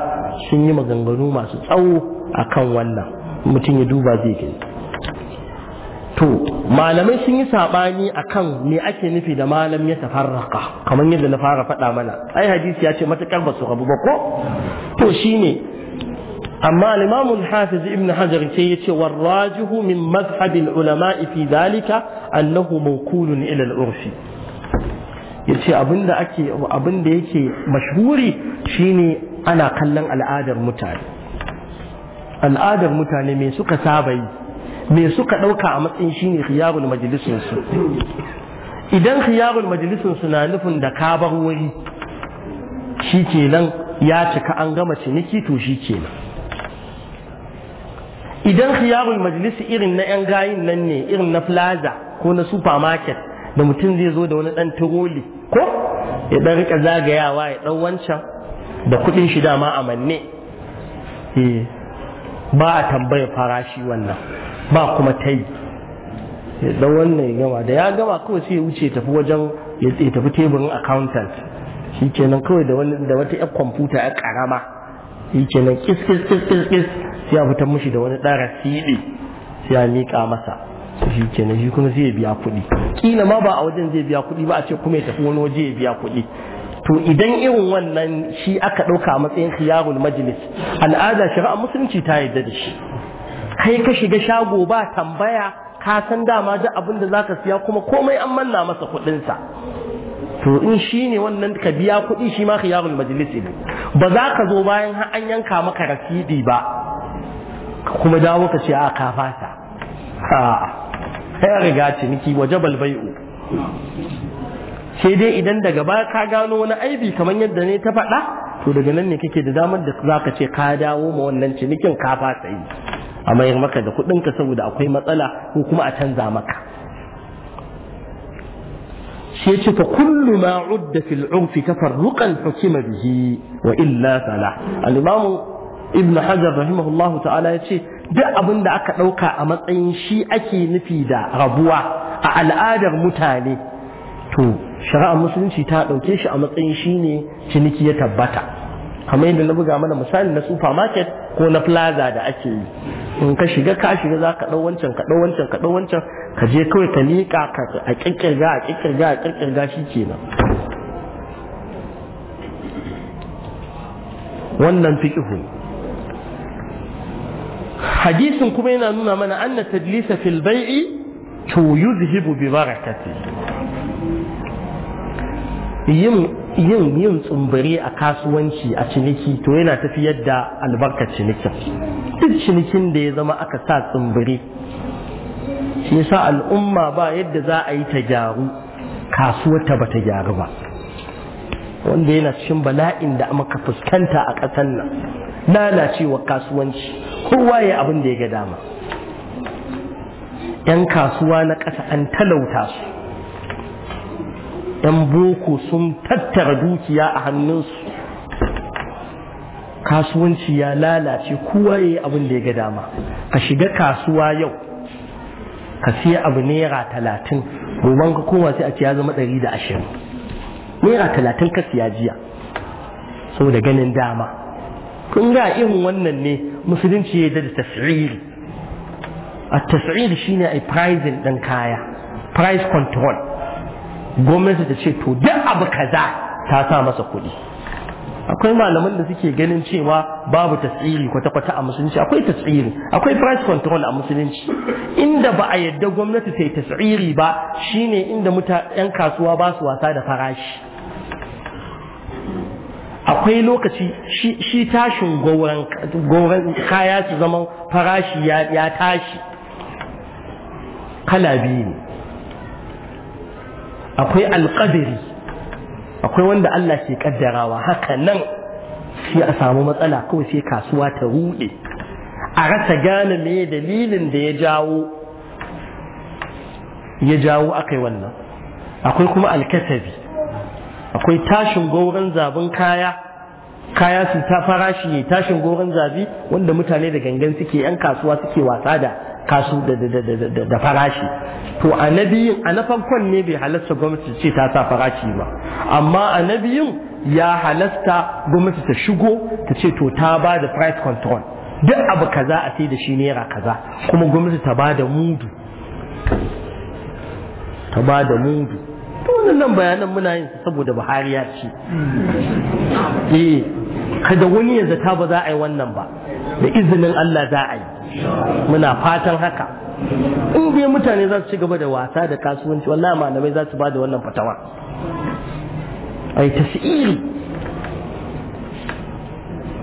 [SPEAKER 1] sun yi maganganu masu tsawo akan wannan mutum ya duba zai gani to malamai sun yi sabani akan me ake nufi da malam ya tafarraka kamar yadda na fara faɗa mana ai hadisi ya ce matakar ba su rabu ba ko to shine amma al hafiz ibn hajar sai yace rajihu min madhhab al-ulama fi zalika. annahu mawkulun ila al-urfi yace abinda ake abinda yake mashhuri shine ana kallon al'adar mutane al'adar mutane me suka saba yi me suka dauka a matsayin shine khiyarul majlisin su idan khiyarul su na nufin da ka bar wuri shi kenan ya cika an gama ciniki to shi kenan idan khiyarul majlisi irin na yan gayin nan ne irin na plaza ko na supermarket da mutum zai zo da wani dan tiroli ko ya dan rika zagayawa ya dan wancan da kudin shi dama a manne eh ba a tambaya farashi wannan ba kuma tai ya dan wannan ya gama da ya gama kawai sai ya wuce tafi wajen ya tafi teburin accountant shikenan kawai da wani da wata yar kwamfuta ya karama yi kenan kis kis kis kis kis sai a fitar mushi da wani ɗara siɗi, sai a miƙa masa shi kenan shi kuma zai biya kuɗi kila ma ba a wajen zai biya kuɗi ba a ce kuma ya tafi wani waje ya biya kuɗi to idan irin wannan shi aka ɗauka a matsayin khiyarul majlis al'ada shari'a musulunci ta yarda da shi kai ka shiga shago ba tambaya ka san dama da abin da zaka siya kuma komai an manna masa kuɗinsa to in shi ne wannan ka biya kuɗi shi ma khiyarul majlis ne ba za ka zo bayan an yanka maka rasidi ba kuma dawo ka ce a ka fata ya riga ciniki waje balbai'u sai dai idan daga baya ka gano wani aibi kamar yadda ne ta faɗa to daga nan ne kake da damar da za ka ce ka dawo ma wannan cinikin ka fata yi a mayar maka da kuɗinka saboda akwai matsala ko kuma a canza maka shi yace fa kullu ma udda fil urfi tafarruqan hukima bihi wa illa fala al-imam ibn hajar rahimahullahu ta'ala yace duk abin da aka dauka a matsayin shi ake nufi da rabuwa a al'adar mutane to shari'ar musulunci ta dauke shi a matsayin shine ciniki ya tabbata kamar yadda na buga mana misali na supermarket ko na plaza da ake yi in ka shiga ka shiga za ka ɗau wancan ka ɗau wancan ka ɗau wancan ka je kawai ka liƙa ka a ƙirƙirga a ƙirƙirga a ƙirƙirga shi ke nan. wannan fiƙihu hadisin kuma yana nuna mana anna tadlisa fil bai'i to yuzhibu bi barakati yin yin yin tsumbari a kasuwanci a ciniki to yana tafi yadda albarka cinikin duk cinikin da ya zama aka sa tsumbari shi yasa al'umma ba yadda za a yi ta gyaru kasuwarta ba ta gyaru ba wanda yana cikin bala'in da muka fuskanta a ƙasar nan lalacewa kasuwanci kowa ya abin da ya ga dama 'yan kasuwa na ƙasa an talauta su 'yan boko sun tattara dukiya a hannunsu kasuwanci ya lalace kowa ya yi abin da ya ga dama ka shiga kasuwa yau ka siya abu naira talatin goban ka kowa sai a ce ya zama ɗari da ashirin naira talatin ka siya jiya da ganin dama kun ga irin wannan ne musulunci ya da tasiri a tasiri shine a pricing ɗin kaya price control gwamnati ta ce to duk abu kaza ta sa masa kuɗi akwai malaman da suke ganin cewa babu tasiri kwata-kwata a musulunci akwai tasiri akwai price control a musulunci inda ba a yadda gwamnati ta yi tasiri ba shine inda muta kasuwa ba su wasa da farashi akwai lokaci shi tashin goron kaya su zama farashi ya tashi kala biyu ne akwai alƙadari akwai wanda Allah ke ƙaddarawa haka nan sai a samu matsala kawai sai kasuwa ta ruɗe a rasa gane me dalilin da ya jawo ya jawo akai wannan akwai kuma alkasabi akwai tashin gauran zabin kaya kaya su ta farashi ne tashin goron zabi wanda mutane da gangan suke yan kasuwa suke wasa da kasu da farashi to a a na farkon ne bai halasta gwamnati ce ta sa farashi ba amma a ya halasta gwamnati ta shigo ta ce to ta ba da price control duk abu kaza a sai da shi naira kaza kuma gwamnati ta ba da mudu ta ba da mudu to wannan bayanan muna yin saboda Buhari ya ce eh kada wani yanzu ta ba za a yi wannan ba da izinin Allah za a yi muna fatan haka in biyu mutane za su ci gaba da wasa da kasuwanci wallahi malamai za su ba da wannan fatawa
[SPEAKER 2] ai tasiri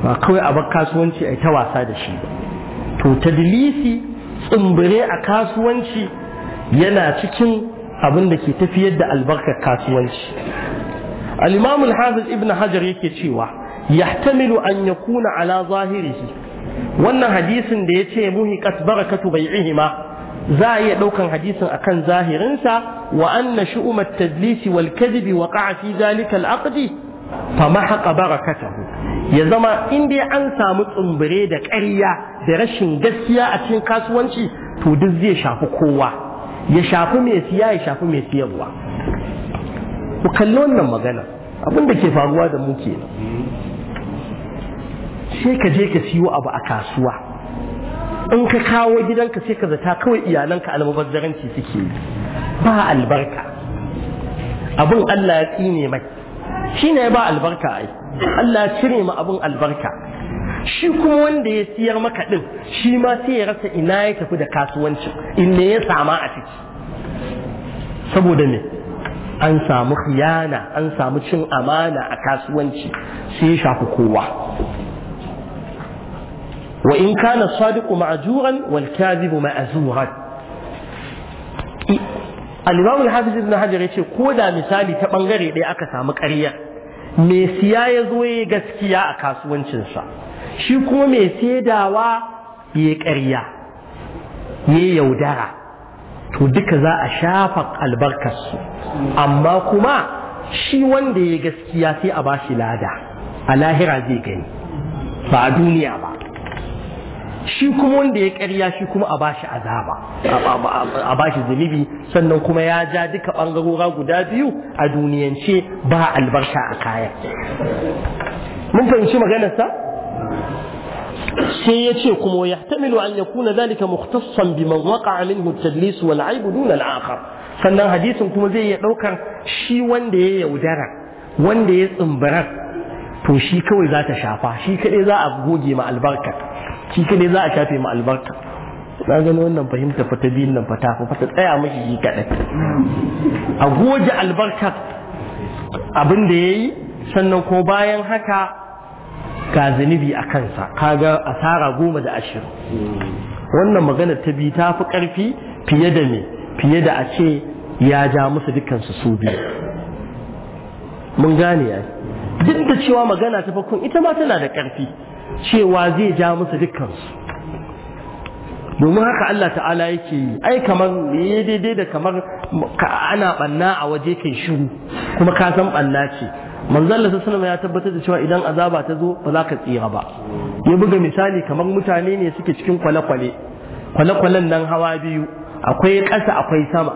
[SPEAKER 1] ba kawai a bar kasuwanci ai ta wasa da shi to ta dalisi, tsumbure a kasuwanci yana cikin abin da ke tafiyar da albarkar kasuwanci al imamul hafiz ibn hajar yake cewa yahtamilu an yakuna ala zahirihi wannan hadisin da ya ce muhiqat barakatu bai'ihima za a iya ɗaukan hadisin a kan zahirinsa wa anna shu'umat tadlisi wal kadhibi wa fi zalika al aqdi fa mahaqa barakatahu ya zama in dai an samu tsumbure da ƙarya da rashin gaskiya a cikin kasuwanci to duk zai shafi kowa ya shafi mai siya ya shafi mai siyarwa ku kalli wannan magana abin da ke faruwa da mu kenan sai ka je ka siyo abu a kasuwa in ka kawo gidanka sai ka zata kawai iyalanka almubazzaranci suke yi ba albarka abin Allah ya tsine mai shi ne ba albarka ai Allah ya cire ma abin albarka shi kuma wanda ya siyar maka din shi ma sai ya rasa ina ya tafi da kasuwancin in ne ya sama a ciki saboda me an samu khiyana an samu cin amana a kasuwanci sai ya shafi kowa wa in kana sadiqu ma'juran wal kadhibu ma'zuran al-imam al yace ko da misali ta bangare ɗaya aka samu ƙarya me siya ya zo ya gaskiya a kasuwancinsa shi kuma mai saidawa ya ƙarya ya yaudara to duka za a shafa albarkarsu amma kuma shi wanda ya gaskiya sai a bashi lada a lahira zai gani ba a duniya ba shi kuma wanda ya ƙarya shi kuma a bashi azaba a bashi zunubi sannan kuma ya ja duka ɓangarora guda biyu a duniyance ba albarka a kaya mun fahimci maganarsa sai ya ce kuma ya tamilu an na zalika mukhtassan bi man waka amin tadlis wal 'ayb duna al sannan hadisin kuma zai iya ɗaukar shi wanda ya yaudara wanda ya tsumbarar to shi kawai za ta shafa shi kaɗai za a goge ma albarkar shi kadai za a shafe mu albarka na gani wannan fahimta fata biyun nan fata ko fata tsaya mashi shi kaɗai. a goje albarkar abin da yayi sannan ko bayan haka ga zunubi a kansa kaga asara goma da ashirin wannan magana ta biyu ta fi ƙarfi fiye da me fiye da a ce ya ja musu dukkan su biyu mun gane ya duk da cewa magana ta farkon ita ma tana da ƙarfi cewa zai ja musu su. domin haka Allah ta'ala yake yi ai kamar ne daidai da kamar ana banna a waje kai shiru kuma ka san banna ce manzon Allah sallallahu ya tabbatar da cewa idan azaba ta zo ba za ka tsira ba ya buga misali kamar mutane ne suke cikin kwale-kwale kwale-kwalen nan hawa biyu akwai ƙasa akwai sama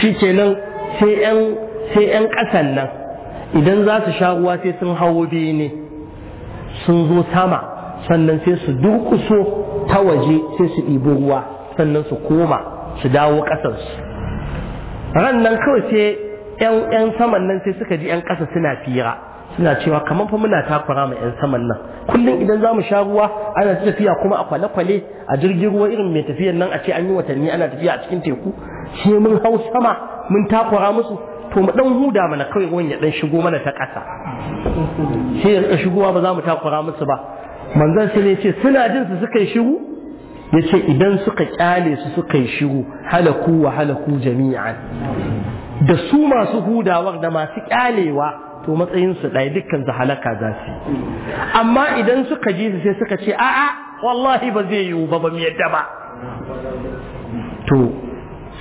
[SPEAKER 1] shi kenan sai 'yan ƙasan nan idan za su sha ruwa sai sun hawo biyu ne sun zo sama sannan sai su durkuso ta waje sai su ɗibo ruwa sannan su koma su dawo ƙasarsu ran nan kawai sai ‘yan saman nan sai suka ji ‘yan ƙasa suna fira suna cewa kamar fa muna takura ma ‘yan saman nan kullum idan za mu sha ruwa ana tafiya kuma a kwale-kwale a jirgin ruwa irin mai tafiyan nan a ce an yi watanni ana tafiya a cikin teku sai mun hau sama mun takura musu to mu dan huda mana kawai wani ya dan shigo mana ta ƙasa sai ya shigowa ba za mu takura musu ba manzon sai ne ce suna jin su suka yi shiru ya ce idan suka kyale su suka yi shiru halaku wa halaku jami'an da su masu hudawar da masu ƙyalewa, to matsayin su ɗaya dukkan su halaka za su amma idan suka ji su sai suka ce a'a wallahi ba zai yiwu ba ba mu yadda ba to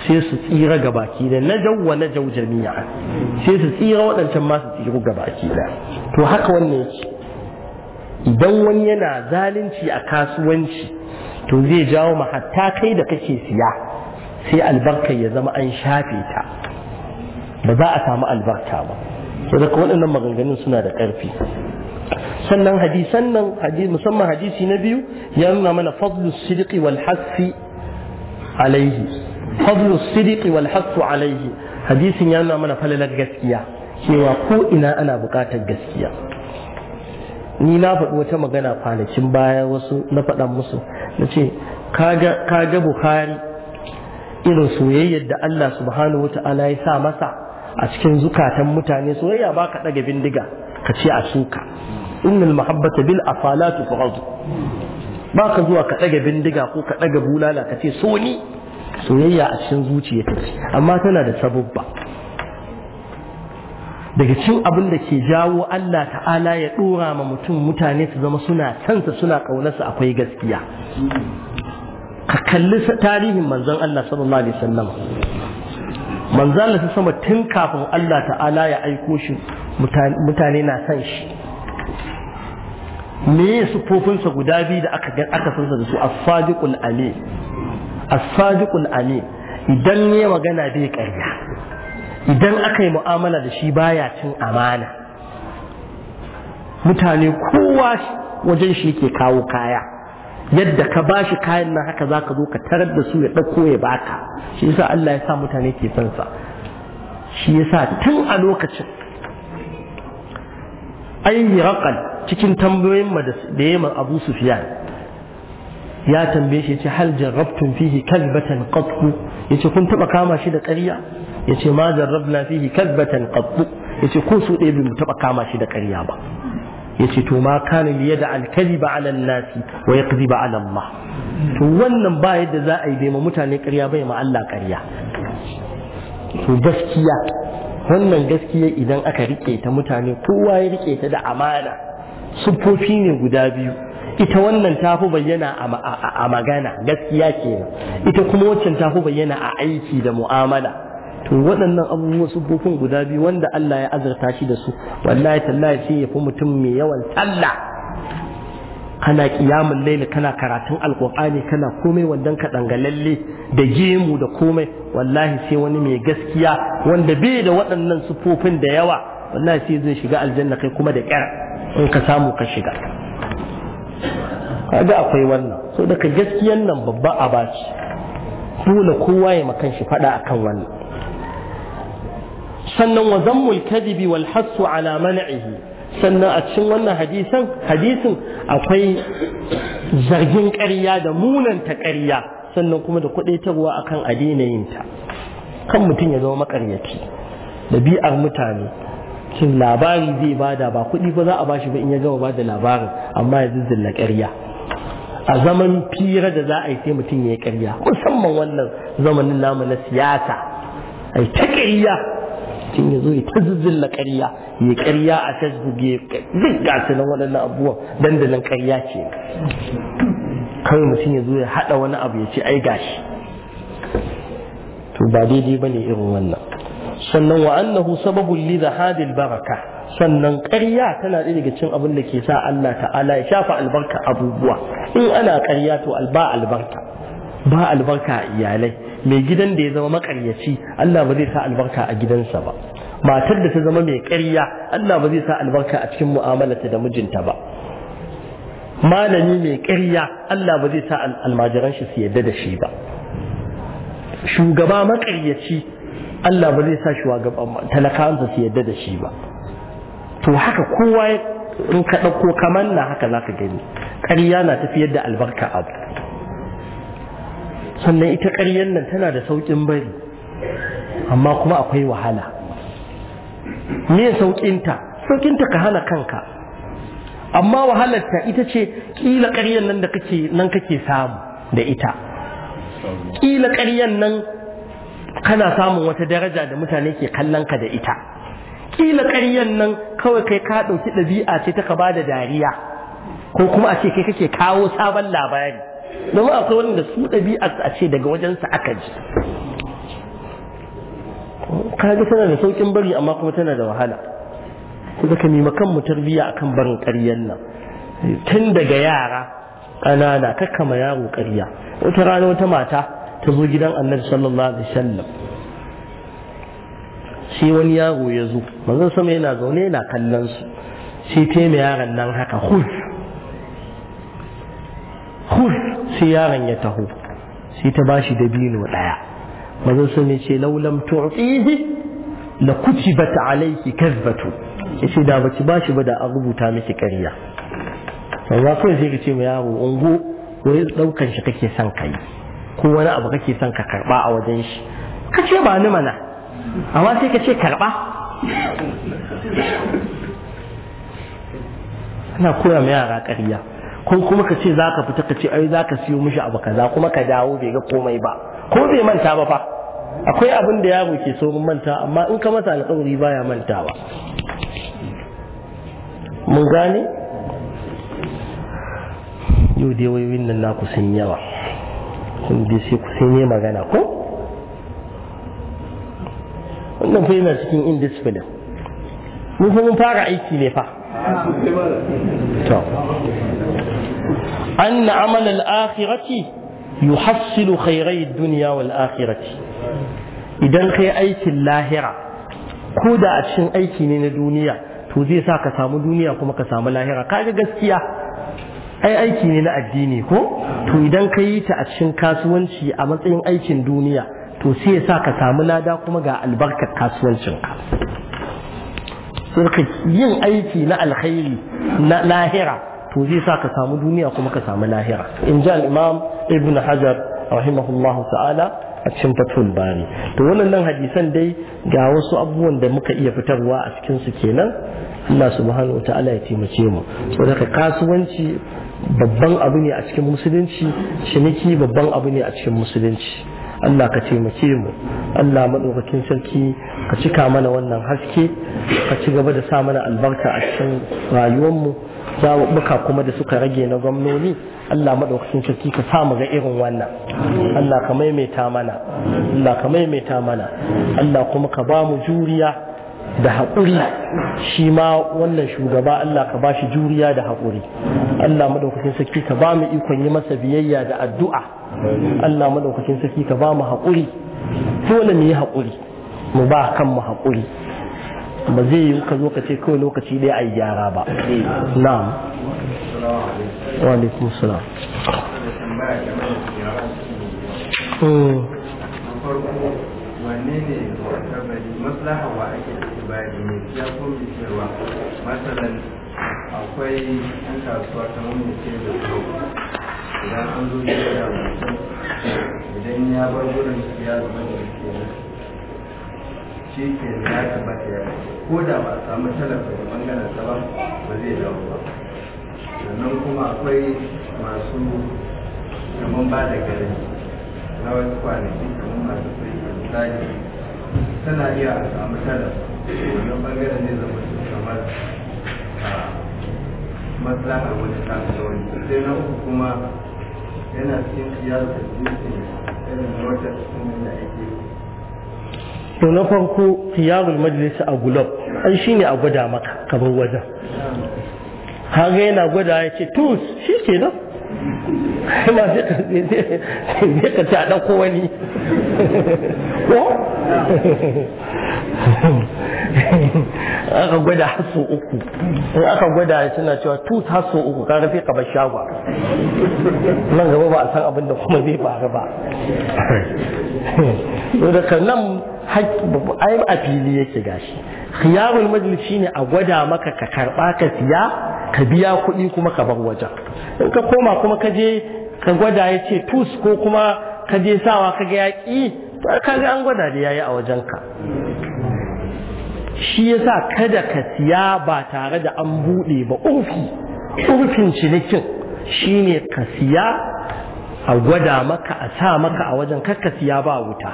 [SPEAKER 1] sai su tsira ga baki da na jawwa na jau jami'a sai su tsira waɗancan masu tsiru ga da to haka wannan yake idan wani yana zalunci a kasuwanci to zai jawo ma hatta kai da kake siya sai albarka ya zama an shafe ta ba za a samu albarka ba daga waɗannan maganganun suna da ƙarfi sannan hadisan nan musamman hadisi na biyu ya nuna mana fadlus sidqi wal hasfi alaihi fadlu sidiq wal haqq alayhi hadisin ya nuna mana falalar gaskiya cewa ko ina ana bukatar gaskiya ni na faɗi wata magana kwanakin baya wasu na faɗa musu na ce ka ga bukhari irin soyayyar da Allah subhanahu wata'ala ya sa masa a cikin zukatan mutane soyayya ba ka ɗaga bindiga ka ce a suka innal mahabbata bil afalatu tuqad ba ka zuwa ka ɗaga bindiga ko ka ɗaga bulala ka ce so ni soyayya a cikin zuciya ta ce amma tana da sabubba daga cin abin da ke jawo Allah ta'ala ya ɗora ma mutum mutane su zama suna cansa suna ƙaunarsa akwai gaskiya ka kalli tarihin manzon Allah sallallahu alaihi wasallam manzon Allah sama tun kafin Allah ta'ala ya aiko shi mutane na san shi me sufofinsa guda biyu da aka aka sansa da su as-sadiqul amin as amin idan ne magana bai ƙarya idan aka yi mu'amala da shi baya cin amana mutane kowa wajen shi ke kawo kaya yadda ka ba shi kayan nan haka zaka zo ka tarar da su ya ɗauko ya baka shi yasa Allah ya sa mutane ke son sa shi yasa tun a lokacin ayyi raqal cikin tambayoyin da ya Abu Sufyan ya tambaye shi ya ce hal jarrabtum fihi kadbatan qattu yace kun taba kama shi da ƙarya yace ma jarrabna fihi kadbatan qattu yace ko su ɗaya mu taba kama shi da ƙarya ba yace to ma kana li yada al a ala nasi wa ba ala Allah to wannan ba yadda za a yi bai ma mutane ƙarya bai ma Allah ƙarya to gaskiya wannan gaskiya idan aka rike ta mutane kowa ya rike ta da amana siffofi ne guda biyu ita wannan tafi bayyana a magana gaskiya nan, ita kuma waccan tafi bayyana a aiki da mu'amala to waɗannan abubuwa su bukun guda biyu wanda Allah ya azurta shi da su wallahi tallahi shi ya fi mutum mai yawan talla kana kiyamun laili kana karatun alkur'ani kana komai wandan ka dangalalle da gemu da komai wallahi sai wani mai gaskiya wanda bai da waɗannan sufofin da yawa wallahi sai zai shiga aljanna kai kuma da ƙyar in ka samu ka shiga kaga akwai wannan so daga gaskiyan nan babba a baci dole kowa ya makan shi fada akan wannan sannan wa zammul kadhibi wal hasu ala man'ihi sannan a cikin wannan hadisan hadisin akwai zargin ƙarya da munanta ƙarya sannan kuma da kuɗaitarwa akan adinayinta kan mutum ya zama maƙaryaci ɗabi'ar mutane shin labari zai bada ba kuɗi ba za a bashi ba in ya gama da labarin amma ya zizzilla ƙarya a zaman fira da za a yi sai mutum ya yi ƙarya musamman wannan zamanin namu na siyasa a ta ƙarya mutum ya zo ya ta zizzilla ƙarya ya ƙarya a facebook ya duk gasa nan waɗannan abubuwan dandalin ƙarya ce kawai mutum ya zo ya haɗa wani abu ya ce ai gashi to ba daidai ba ne irin wannan sannan wa annahu sababul li zahadil baraka sannan ƙarya tana ɗaya daga cikin abin da ke sa Allah ta'ala ya shafa albarka abubuwa in ana ƙarya to alba albarka ba albarka a iyalai mai gidan da ya zama makaryaci Allah ba zai sa albarka a gidansa ba matar da ta zama mai ƙarya Allah ba zai sa albarka a cikin mu'amalarta da mijinta ba malami mai ƙarya Allah ba zai sa almajiran shi su yadda da shi ba shugaba makaryaci Allah ba zai sa shi gaban talakawansa su yadda da shi ba to haka kowa in ka ɗauko kamar na haka za ka gani ƙarya na tafiyar da albarka abu sannan ita ƙaryar nan tana da sauƙin bari amma kuma akwai wahala me sauƙinta sauƙinta ka hana kanka amma ta ita ce ƙila ƙaryar nan da kake nan kake samu da ita ƙila ƙaryar nan kana samun wata daraja da mutane ke kallon ka da ita kila ƙaryan nan kawai kai ka ɗauki ɗabi'a ce ta ka da dariya ko kuma a ce kai kake kawo sabon labari domin akwai wanda su ɗabi'a a ce daga wajensa aka ji kaga tana da saukin bari amma kuma tana da wahala kuma ka kan mu tarbiyya akan barin ƙaryan nan tun daga yara ƙanana kakkama yaro ƙarya wata rana wata mata ta zo gidan annabi sallallahu alaihi wasallam sai wani yaro ya zo manzon sama yana zaune yana kallon su sai ta mai yaron nan haka hul huf sai yaron ya taho sai ta bashi dabino daya manzon sama ya ce laulam tu'tihi la kutibat alayki kadhbatu yace da baki bashi ba da an rubuta miki ƙarya sai kawai sai ce ma yaro ungo wai daukan shi kake son kai ko wani abu kake son ka karba a wajen shi ka ce ba ni mana amma sai ka ce karba ana koya ma yara ƙarya ko kuma ka ce za ka fita ka ce ai ka siyo mishi abu kaza kuma ka dawo bai ga komai ba ko bai manta ba fa akwai abin da yaro ke so mun manta amma in ka masa alƙawari baya mantawa mun gane yau dai wayoyin nan naku sun yawa sun bi sai ku sai ne magana ko wannan fa yana cikin indiscipline mun kuma mun fara aiki ne fa to anna amal al-akhirati yuhassilu khayrai ad-dunya wal akhirati idan kai aikin lahira ko da a cikin aiki ne na duniya to zai sa ka samu duniya kuma ka samu lahira kaga gaskiya ai aiki ne na addini ko to idan ka yi ta a cikin kasuwanci a matsayin aikin duniya to sai ya sa ka samu lada kuma ga albarkar kasuwancin ka yin aiki na alkhairi na lahira to zai sa ka samu duniya kuma ka samu lahira in ji al'imam ibn hajar rahimahullahu ta'ala a cikin fatul bari to wannan hadisan dai ga wasu abubuwan da muka iya fitarwa a cikin su kenan Allah subhanahu wa ta'ala ya taimake mu saboda kasuwanci babban abu ne a cikin musulunci ciniki babban abu ne a cikin musulunci Allah ka taimake mu Allah maɗaukakin sarki ka cika mana wannan haske ka ci gaba da sa mana albarka a cikin rayuwarmu buka kuma da suka rage na gwamnoni Allah maɗaukakin sarki ka sa mu ga irin wannan Allah ka maimaita mana Allah ka maimaita mana Allah kuma ka ba mu juriya da haƙuri shi ma wannan shugaba Allah ka ba shi juriya da haƙuri Allah maɗaukakin sarki ka ba mu ikon yi masa biyayya da addu'a Allah maɗaukakin sarki ka ba mu haƙuri dole mu yi haƙuri mu ba kanmu haƙuri ba zai yi ka zo ka ce kawai lokaci ɗaya a yi gyara ba na'am
[SPEAKER 3] wa alaikum salam hmm. wanne ne maslaha wa ake bayani ne ya kuma cewa matsalar akwai yan kasuwa kamar wani ce da su idan an zo gida da mutum idan ya bar gurin ya zama da ke shi ke ya tabbata ya ko da ba a samu talaka da bangaren ba ba zai dawo ba sannan kuma akwai masu kamar ba da gari na wasu kwanaki kamar masu sai misali tana iya a samu talaka Eh, wannan bangaren zai zama kamar ah, maslahar wani tafi wani sai na uku kuma yana cikin da jinsi irin na wata cikin da ake
[SPEAKER 1] to na farko yarul majalisa a gulab an shi ne a gwada maka kamar wajen har yana gwada ya ce tus shi ke nan ma sai ka ta ɗauko wani <laughs> ko <laughs> aka gwada haso uku in aka gwada suna cewa tut haso uku kaga sai ka bar shagwa nan gaba ba a san abin da kuma zai faru ba daga nan ai a fili yake gashi khiyarul majlis shine a gwada maka ka karba ka siya ka biya kuɗi kuma ka bar wajen in ka koma kuma ka je ka gwada yace tus ko kuma ka je sawa ka ga yaƙi ka ga an gwada da yayi a wajenka shi yasa kada ka siya ba tare da an buɗe ba ofi ofin cinikin shine ka siya a gwada maka a sa maka a wajen kakka siya ba wuta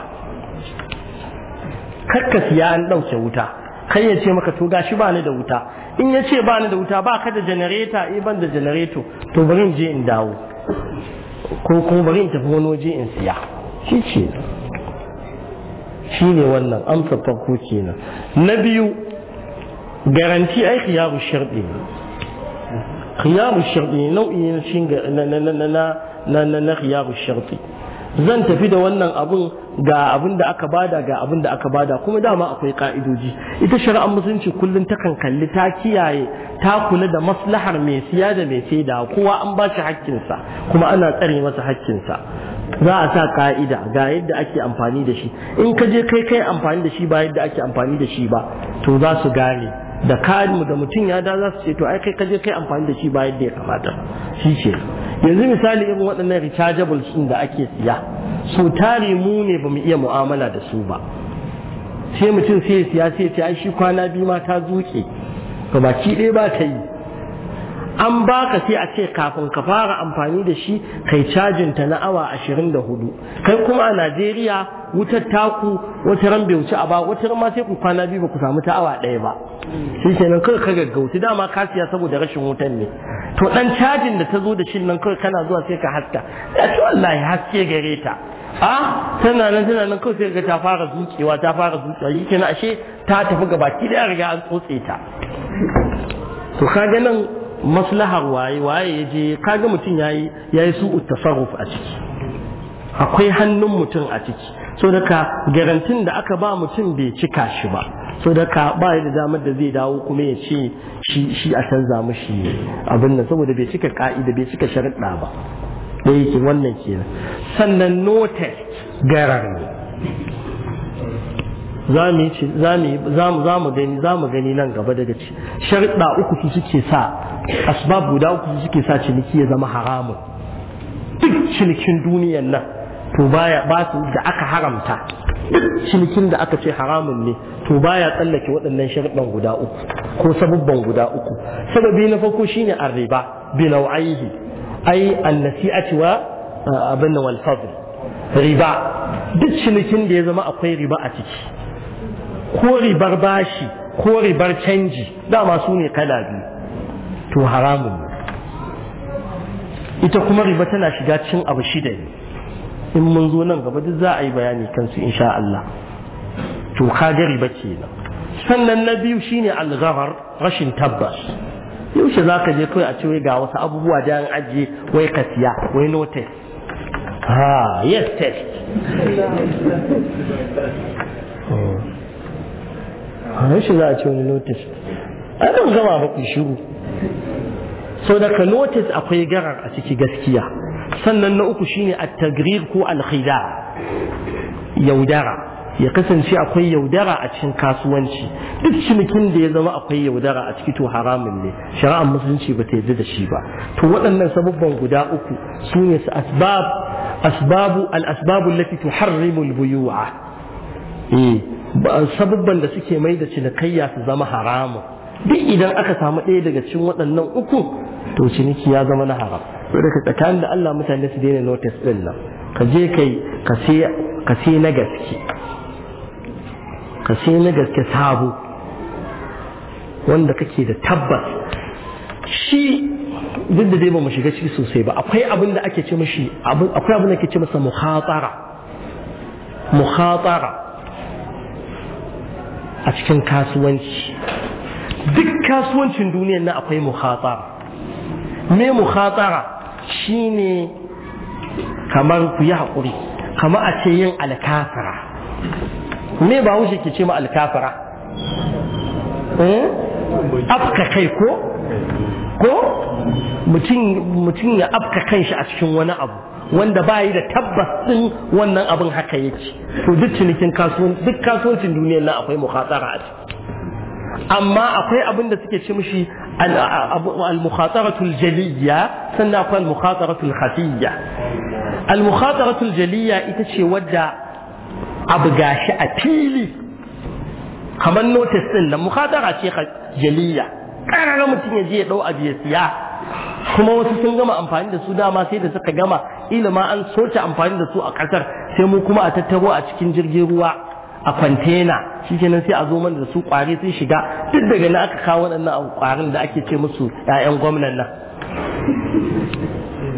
[SPEAKER 1] kakka siya an ɗauke wuta kai ya ce maka to gashi ba ni da wuta in ya ce ba ni da wuta ba ka da janareta e eh, ban da janareto to bari in je in dawo ko kuma bari in tafi wani waje in siya shi ce shi ne wannan amsa farko kenan na biyu garanti ai khiyaru sharɗi ne khiyaru sharɗi ne nau'i shi na na khiyaru sharɗi zan tafi da wannan abun ga abin da aka bada ga abin da aka bada kuma dama akwai ka'idoji ita shari'ar musulunci kullum takan kalli ta kiyaye ta kula da maslahar mai siya da mai saida kowa an ba shi hakkinsa kuma ana tsare masa hakkinsa za a sa ka'ida ga yadda ake amfani da shi in ka je kai kai amfani da shi ba yadda ake amfani da shi ba to za su gane da kayanmu da mutum ya da za su ce to ai kai ka je kai amfani da shi ba yadda ya kamata shi ce yanzu misali irin waɗannan rechargeables ɗin da ake siya su tare mu ne ba mu iya mu'amala da su ba sai mutum sai ya siya sai ya ce ai shi kwana biyu ma ta zuke to baki ɗaya ba ta yi an baka sai a ce kafin ka fara amfani da shi kai cajin ta na awa 24 kai kuma a Najeriya wutar taku wata ran bai wuce a ba wata ran ma sai ku kwana biyu ba ku samu ta awa ɗaya ba shi nan kawai ka gaggauti dama ka siya saboda rashin wutan ne to dan cajin da ta zo da shi nan kawai kana zuwa sai ka haska ya ce wallahi haske gare ta a tana nan tana nan kawai sai ga ta fara zuciwa ta fara zuciwa. shi kenan ashe ta tafi gabaki ɗaya riga an tsotse ta to kaga nan maslahar waye waye ya je kaga mutum yayi yi su tasarruf a ciki akwai hannun mutum a ciki so daga garantin da aka ba mutum bai cika shi ba so daga ba da damar da zai dawo kuma ya ce shi shi a canza mishi abin nan saboda bai cika ka'ida bai cika sharuɗa ba da yake wannan kenan sannan notice garar
[SPEAKER 2] ne
[SPEAKER 1] za mu gani za mu gani nan gaba daga ci sharɗa uku su suke sa asbab guda uku su suke sa ciniki ya zama haramun duk cinikin duniyan nan to baya ba su da aka haramta cinikin da aka ce haramun ne to baya tsallake waɗannan sharɗan guda uku ko sabubban guda uku sababi na farko shine arriba bi nau'aihi ai a wa abin wal fadl riba duk cinikin da ya zama akwai riba a ciki ko ribar bashi ko ribar canji dama su ne kala biyu to haramun ita kuma riba tana shiga cin abu shida ne in mun zo nan gaba duk za a yi bayani kansu insha Allah to kaga riba nan. sannan na biyu shine algharar rashin tabbas yaushe za ka je kawai a ce ga wasu abubuwa da an ajiye wai ka siya wai notice ha ah, yes test
[SPEAKER 2] <laughs>
[SPEAKER 1] a shi za a ce wani notice a nan gama ba ku shiru sau daga notice akwai garar a ciki gaskiya sannan na uku shine at-tagrir ko al yaudara ya kasance akwai yaudara a cikin kasuwanci duk cinikin da ya zama akwai yaudara a ciki to haramun ne shari'ar musulunci ba ta yarda da shi ba to waɗannan sababban guda uku su ne su asbab asbabu al-asbabu allati tuharrimu al-buyu'a eh sababban da suke mai da cinikayya su zama haramun duk idan aka samu ɗaya daga cikin waɗannan uku to ciniki ya zama na haram to daga tsakanin da Allah mutane su daina notice ɗin nan ka je kai ka sai na gaske ka sai na gaske sabo wanda kake da tabbas shi duk da dai ba mu shiga ciki sosai ba akwai abin da ake ce mishi akwai abin da ake ce masa mukhatara mukhatara a cikin kasuwanci duk kasuwancin duniyar na akwai muhatsara, me muhatsara shine kamar ku yi haƙuri kamar a ce yin alkafara me ba wuce ke ce ma alkafara eh? afka kai ko ko mutum ya afka kanshi a cikin wani abu wanda ba yi da tabbas ɗin wannan abin haka yake to duk cinikin kasuwanci duk kasuwancin duniyar nan akwai mukhatara a amma akwai abin da suke ci mishi al-mukhataratul jaliyya sannan akwai al-mukhataratul khafiyya al-mukhataratul jaliyya ita ce wadda abu gashi a fili kamar notice din nan mukhatara ce jaliyya ƙararra mutum ya je ya ɗau abu ya siya kuma wasu sun gama amfani da su dama sai da suka gama ilima an soce amfani da su a ƙasar sai mu kuma a tattaro a cikin jirgin ruwa a kwantena shikenan sai a zo mana da su kwari sun shiga duk daga na aka kawo waɗannan kwarin da ake ce musu ƴaƴan gwamnan nan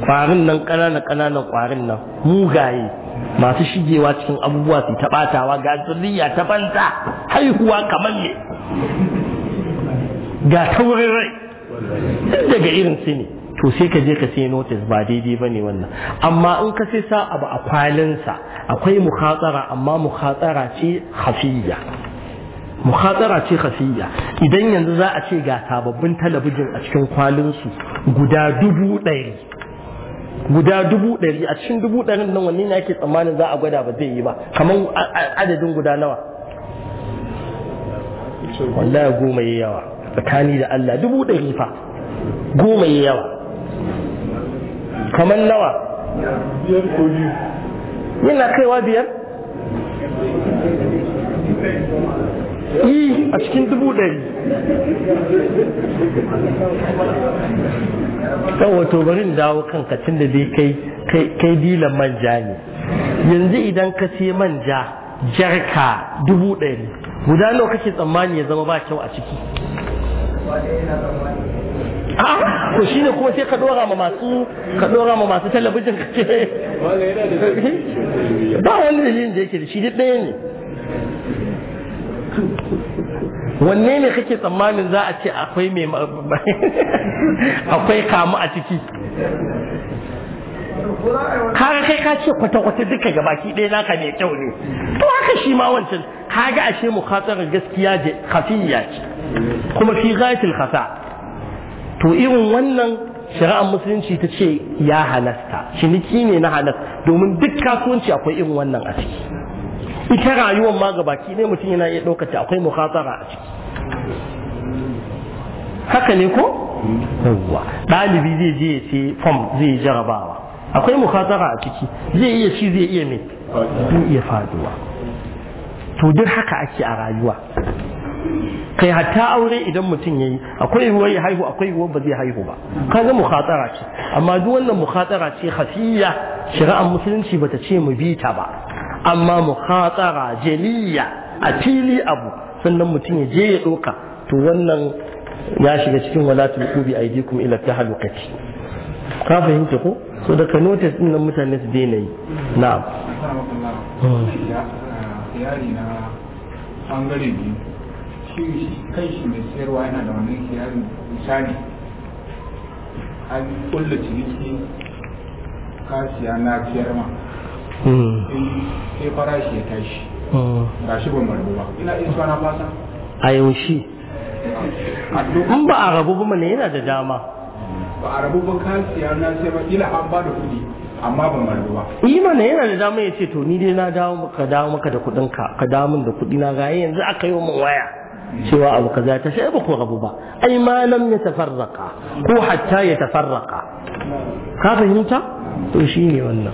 [SPEAKER 1] kwarin nan ƙananan ƙananan kwarin nan mugaye masu shigewa cikin abubuwa su ta ɓatawa ga zuriya ta banta haihuwa kamar ne ga taurin
[SPEAKER 2] rai daga
[SPEAKER 1] irin su ne to sai ka je ka sai notice ba daidai ba ne wannan amma in ka sai sa abu a kwalinsa akwai mukhatsara amma mukhatsara ce hafiya mukhatsara ce hafiya idan yanzu za a ce ga sababbin talabijin a cikin kwalinsu guda dubu ɗari guda dubu ɗari a cikin dubu ɗarin nan wanne ne ake tsammanin za a gwada ba zai yi ba kamar adadin guda nawa wallahi goma yi yawa tsakani da Allah dubu ɗari fa goma ya yawa kamar nawa yana kaiwa biyar yi a cikin dubu ɗari kan wato barin dawo kan kacin da dai kai kai dilan manja ne yanzu idan ka ce manja jarka dubu ɗari guda nawa kake tsammani ya zama ba kyau a ciki
[SPEAKER 3] a to shi ne kuma
[SPEAKER 1] sai ka dora ma masu ka dora ma masu talabijin ka ce ba wani dalilin da yake da shi ɗaya ne wanne ne kake tsammanin za a ce akwai mai akwai kamu a ciki kaga kai ka ce kwata-kwata duka ga baki ɗaya naka mai kyau ne to haka shi ma wancan kaga ashe mu gaskiya da ya ce kuma fi gaitul khasa to irin wannan shari'ar musulunci ta ce ya halasta ciniki ne na halasta, domin duk kasuwanci akwai irin wannan a ciki ita rayuwar ma gabaki ne mutum yana iya ɗaukata akwai mukhatara a ciki haka ne ko yawwa ɗalibi zai je ya ce fom zai jarabawa akwai mukhatara a ciki zai iya ci zai iya mai zai iya faduwa to duk haka ake a rayuwa kai hatta aure idan mutum ya yi akwai yiwuwar ya haihu akwai yiwuwar ba zai haihu ba kaga mukhatara ce amma duk wannan mukhatara ce khafiyya shari'ar musulunci ba ta ce mu bi ta ba amma mukhatara jaliya a fili abu sannan mutum ya je ya doka to wannan ya shiga cikin walatul qubi aidikum ila tahlukati ka fahimta ko so da ka notice din nan mutane su daina yi na'am
[SPEAKER 3] an biyu shi kai shi mai sayarwa yana da wannan kiyarin misali an kulla ciniki kasiya na ciyar ma hmm. sai farashi ya tashi hmm. ga shi ban marbu ba ina iya suwa na fasa a yaushe in
[SPEAKER 1] ba a rabu ba ne yana da dama
[SPEAKER 3] ba a rabu ba kasiya na ciyar ba ila an ba da kuɗi amma ban marbu
[SPEAKER 1] ba ne yana da dama ya ce to ni dai na dawo ka dawo maka da kuɗinka ka dawo min da kuɗi na ga yanzu aka yi wa min waya cewa abu kaza ta sai ba ku rabu ba ai ma lam yatafarraqa ko hatta ka fahimta kuma ne ya wannan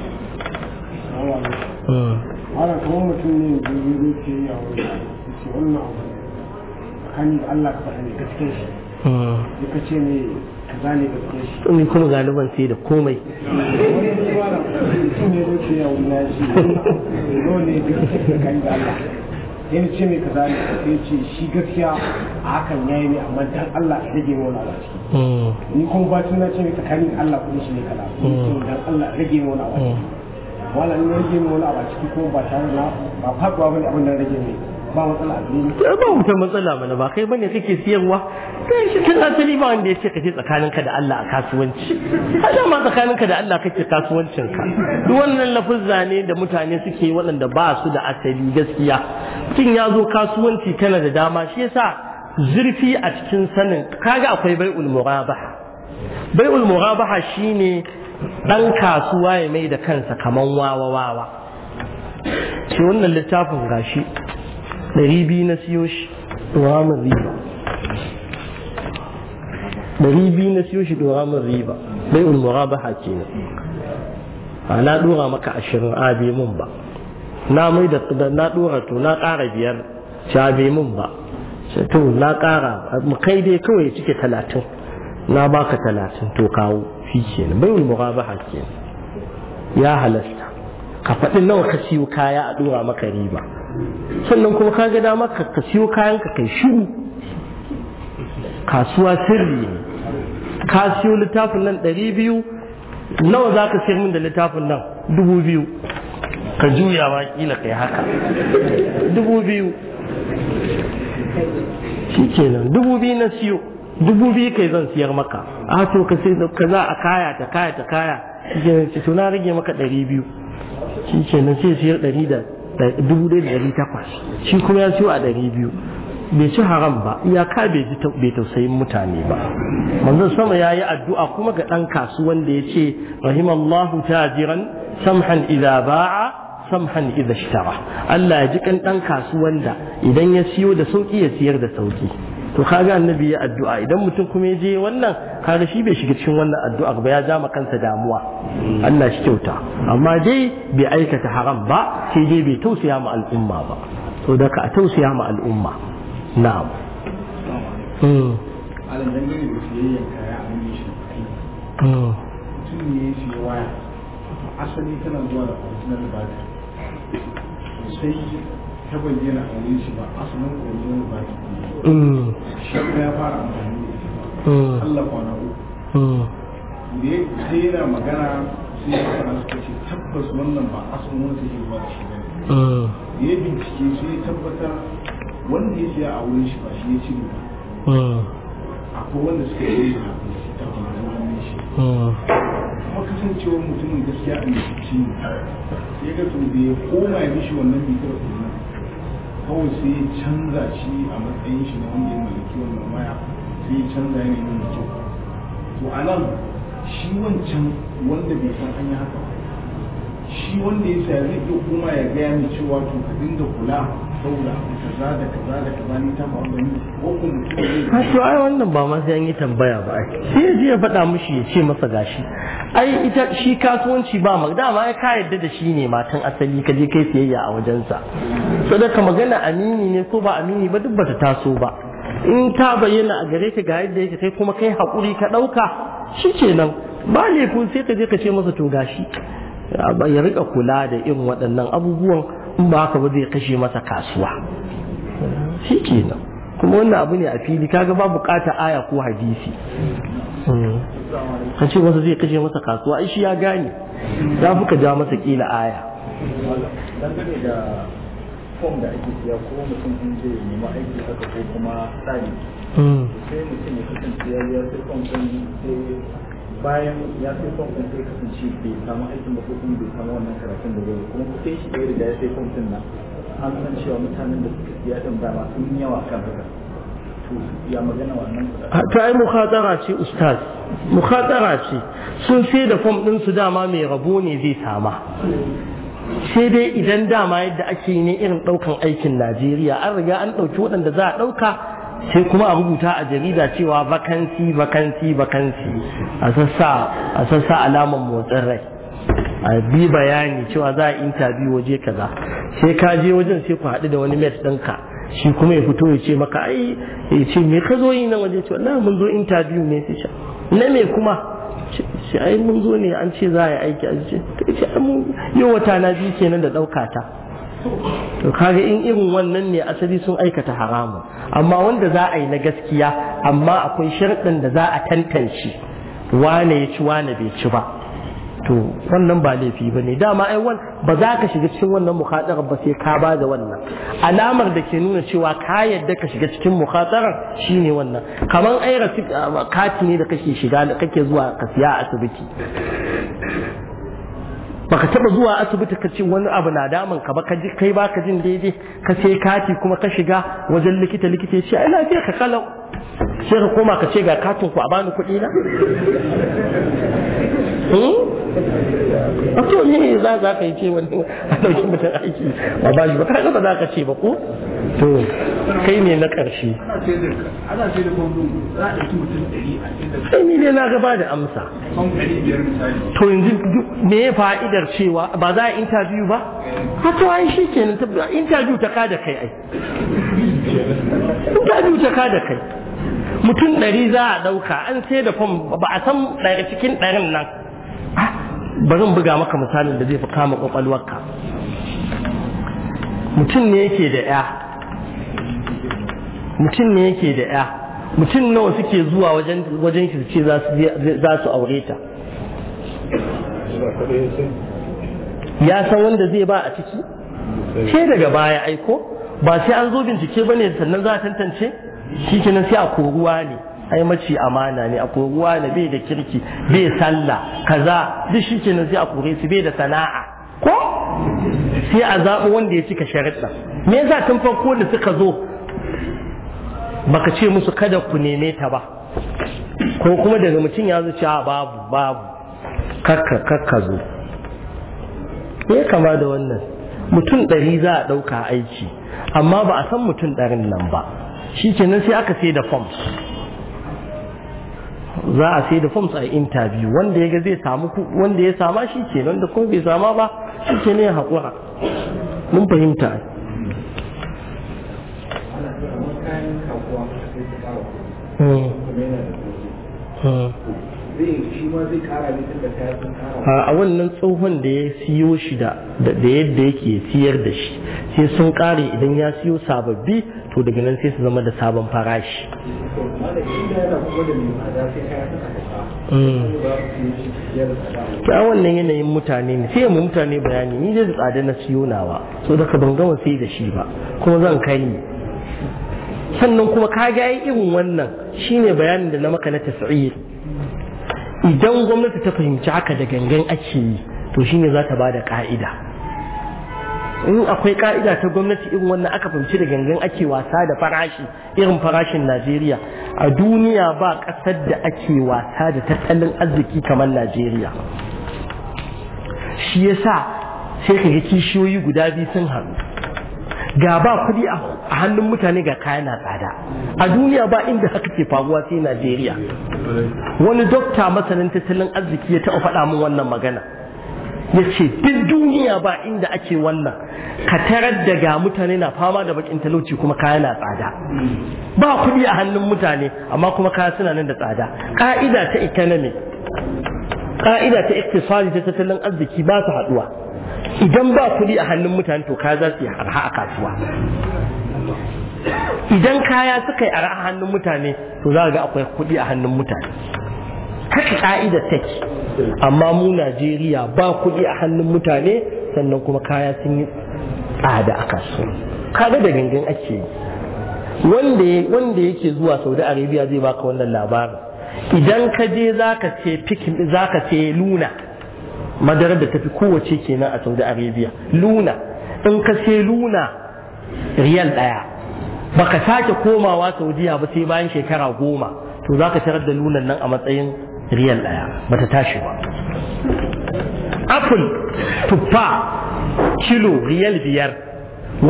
[SPEAKER 1] ne kuma galiban sai da komai ne
[SPEAKER 3] sai na ce mai ka zane sai ce shi gaskiya a hakan ya yi ne amma dan Allah ya rage mana a ciki hmm. ni kuma bacin na ce mai tsakanin Allah kuma shi ne kaza to hmm. dan Allah rage mana a ciki hmm. wala ni rage mana a ciki kuma ba tare da ba faɗuwa bane abin da rage mai ba matsala a gare ni
[SPEAKER 1] eh, ba wata matsala mana ba kai bane kake siyarwa kai shi asali ba wanda ya ce kaje tsakaninka da Allah a kasuwanci a dama tsakaninka da Allah kake kasuwancinka duk wannan lafuzza ne da mutane suke waɗanda ba su da asali gaskiya kin ya zo kasuwanci kana da dama shi yasa zurfi a cikin sanin kaga akwai bai'ul murabaha bai'ul murabaha shine dan kasuwa ya mai da kansa kaman wawa wawa shi wannan littafin gashi ɗari biyu na siyo shi wa riba ɗari biyu na siyo shi ɗora min riba bai ulmura ba hake ne a na ɗora maka ashirin a mun ba na mai da na ɗora to na ƙara biyar ta bai mun ba to na ƙara mu kai dai kawai cike talatin na baka talatin to kawo shi kenan bai ulmura ba ne ya halasta ka faɗi nawa ka siyo kaya a ɗora maka riba sannan kuma ka ga dama ka siyo kayan ka kai shiru kasuwa sirri ne, ka siyo littafin nan ɗari biyu nawa za ka siyar min da littafin nan dubu biyu ka juya ma kila kai haka dubu biyu shi nan dubu biyu na siyo dubu biyu kai zan siyar maka a to ka sai ka za a kaya ta kaya ta kaya shi nan ce na rage maka ɗari biyu shi nan sai siyar ɗari da dubu ɗaya da ɗari takwas shi kuma ya siyo a ɗari biyu bai ci haram ba iyaka bai tausayin mutane ba manzon sama ya yi addu'a kuma ga ɗan kasuwan da ya ce rahimallahu jiran samhan idza ba'a samhan idza ishtara Allah ya ji kan ɗan kasuwan da idan ya siyo da sauki ya siyar da sauki to kaga annabi ya addu'a idan mutum kuma ya je wannan kaga shi bai shiga cikin wannan addu'a ba ya ja kansa damuwa Allah shi kyauta amma dai bai aikata haram ba sai dai bai tausaya ma al'umma ba to daga a tausaya ma al'umma na'am
[SPEAKER 3] mm alan dan gani da su siyayyan kaya a nan shi mm mutum ne shi waya asali tana zuwa da original battery sai ta bayyana a wurin shi ba asalin original battery hmm. shi ya fara amfani da ita hmm. Allah kwana uku hmm. da ya sai yana magana sai ya fara suka ce tabbas wannan ba asalin wani take ba shi ba ne ya bincike sai ya tabbatar wanda ya siya a wurin shi ba shi ya ci ba akwai wanda suka yi da ta faru wannan shi kuma kasancewar mutumin gaskiya a mai ne ya ga to da ya koma ya mishi wannan bitar kuma kawai sai ya canza shi a matsayin shi na wanda ya mallaki wannan maya. sai ya canza ya nemi mutum. to a nan shi wancan wanda bai san an yi haka shi wanda ya saya zai iya koma ya gaya mai cewa to ka dinga kula saboda
[SPEAKER 1] wannan ba ma sai an yi tambaya ba ai sai ji ya faɗa mushi ya ce masa gashi ai ita shi kasuwanci ba ma dama ya ka yadda da shi ne matan asali ka je kai siyayya a wajensa sadaka magana amini ne ko ba amini ba duk bata taso ba in ta bayyana a gare ka ga yadda yake kai kuma kai haƙuri ka ɗauka shi nan ba laifin sai ka je ka ce masa to gashi ya rika kula da irin waɗannan abubuwan in ba haka ba zai kashe masa kasuwa shi kenan kuma wannan abu ne a fili kaga ba bukata aya ko hadisi hmm. ka ce wasu zai kashe masa kasuwa ai shi ya gane za fi ka ja masa kila aya
[SPEAKER 3] da ake siya ko mutum hmm. ya bayan ya sai fom ɗin sai kasance bai samu aikin ba ko kuma bai samu wannan karatun da zai kuma kuɗin shi da ya riga ya sai fom ɗin nan an san cewa mutanen da suka siya ɗin ba ma sun yawa kan haka to ya magana wannan
[SPEAKER 1] ta yi mukhatara ce ustaz mukhatara ce sun sai da fom ɗin su dama mai rabo ne zai sama sai dai idan dama yadda ake yi ne irin ɗaukan aikin Najeriya an riga an ɗauki waɗanda za a ɗauka sai kuma a rubuta a jarida cewa vakansi vakansi vakansi a sassa a alaman motsin rai a bi bayani cewa za a interview waje kaza sai ka je wajen sai ku haɗu da wani mes ɗinka shi kuma ya fito ya ce maka ai ya ce me ka zo yi nan waje ce na mun zo interview ne sai na me kuma Sai ai mun zo ne an ce za a yi aiki a ce yau wata na biyu kenan da ɗauka ta
[SPEAKER 2] to
[SPEAKER 1] kaga in irin wannan ne asali sun aikata haramun amma wanda za a yi na gaskiya amma akwai sharɗin da za a tantance wane ya ci wane bai ci ba to wannan ba laifi ba ne dama ai wan ba za ka shiga cikin wannan mukhatarar ba sai ka ba da wannan alamar da ke nuna cewa ka yadda ka shiga cikin mukhatarar shine wannan kamar ai ah, kati ne da kake shiga kake zuwa ka siya asibiti baka taba zuwa asibiti ka ce wani abu na damun ka ba ka ji kai baka jin daidai ka sai kati kuma ka shiga wajen likita likita ya ce ai lafiya ka kalau sai ka koma ka ce ga katin ku a bani kuɗi na Hmm?
[SPEAKER 2] a to ne
[SPEAKER 1] za za ka yi ce wani a ɗauki mutum aiki ba ba shi ba ka ba za ka ce ba ko to kai ne na ƙarshe sai ni ne na gaba da amsa to yanzu me ya fa'idar cewa ba za a interview ba a to ai shi kenan interview ta kada kai ai interview ta kada kai mutum ɗari za a ɗauka an sai da fom ba a san cikin ɗarin nan bari buga maka misalin da zai fi kama kwakwalwarka mutum ne yake da ya mutum ne yake da ya mutum nawa suke zuwa wajen ki ce za su aure ta ya san wanda zai ba a ciki ke daga baya aiko ba sai an zo bincike bane sannan za a tantance shi kenan sai a koruwa ne ai mace amana ne akwai ruwa ne bai da kirki bai sallah kaza duk shi kenan sai a su bai da sana'a ko sai a zaɓi wanda ya cika sharaɗa me yasa tun farko da suka zo baka ce musu kada ku neme ta ba ko kuma daga mutum ya zuci a babu babu kakka kakka zo me kama da wannan mutum ɗari za a ɗauka aiki amma ba a san mutum ɗarin nan ba shi kenan sai aka sai da forms za a sai da forms a interview wanda ya ga zai samu wanda ya sama shi ke wanda kuma bai sama ba shi ke ne haƙura mun fahimta hmm. Hmm. a wannan tsohon da ya siyo shi da yadda yake siyar da shi sai sun ƙare idan ya siyo sababbi to daga nan sai su zama da sabon farashi
[SPEAKER 3] mm. ta
[SPEAKER 1] wannan yanayin mutane ne sai mu mutane bayani ni zai tsada na siyo nawa so daga ban gama sai da shi ba kuma zan kai ni sannan kuma ka ga irin wannan shine bayanin da na maka na tasiri idan gwamnati ta fahimci haka da gangan ake yi to shine za ta ba da ka'ida in akwai ka'ida ta gwamnati irin wannan aka fahimci da gangan ake wasa da farashi irin farashin Najeriya a duniya ba ƙasar da ake wasa da tattalin arziki kamar Najeriya shi yasa sai ka ga kishiyoyi guda biyu sun haɗu ga ba kuɗi a hannun mutane ga kaya na tsada a duniya ba inda haka ke faruwa sai Najeriya wani dokta masanin tattalin arziki ya taɓa faɗa min wannan magana ya ce duk duniya ba inda ake wannan ka tarar da ga mutane na fama da bakin talauci kuma kaya na tsada ba kuɗi a hannun mutane amma kuma kaya suna nan da tsada ka'ida ta economy ka'ida ta iktisadi ta tattalin arziki ba su haɗuwa idan ba kuɗi a hannun mutane to kaya za su yi arha a kasuwa idan kaya suka yi arha a hannun mutane to za ga akwai kuɗi a hannun mutane haka ka'ida take amma mu Najeriya ba kuɗi a hannun mutane sannan kuma kaya sun yi tsada a kasu kaga da gangan ake yi wanda yake zuwa saudi arabia zai baka wannan labarin idan ka je zaka ce pikin zaka ce luna madarar da tafi kowace kenan a saudi arabia luna in ka ce luna riyal daya baka sake komawa saudiya ba sai bayan shekara goma to zaka tarar da lunan nan a matsayin riyal daya bata tashi ba apple tuffa kilo riyal biyar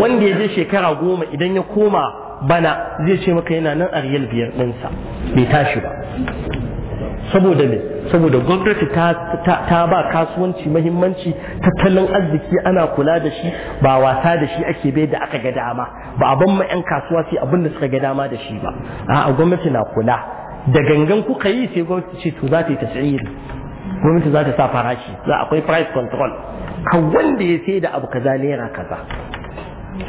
[SPEAKER 1] wanda ya je shekara goma idan ya koma bana zai ce maka yana nan a riyal biyar ɗinsa bai tashi ba saboda me saboda gwamnati ta ba kasuwanci mahimmanci tattalin arziki ana kula da shi ba wasa da shi ake bai da aka ga dama ba a ban ma 'yan kasuwa sai abin da suka ga dama da shi ba a gwamnati na kula da gangan kuka yi sai gwamnati ce to za ta yi tasiri gwamnati za ta sa farashi za akwai price control Ka wanda ya sai da abu kaza naira kaza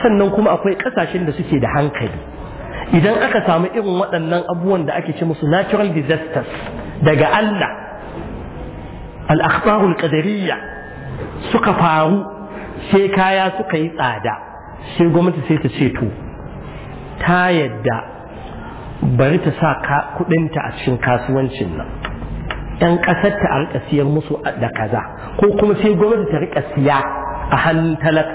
[SPEAKER 1] sannan kuma akwai kasashen da suke da hankali idan aka samu irin waɗannan abubuwan da ake ce musu natural disasters daga Allah al-akhbarul qadariyya suka faru sai kaya suka yi tsada sai gwamnati sai ta ce to ta yadda bari ta sa kuɗinta a cikin kasuwancin nan 'yan ƙasar ta a rika siyar musu da kaza ko kuma sai gwamnati ta rika siya a hannun talak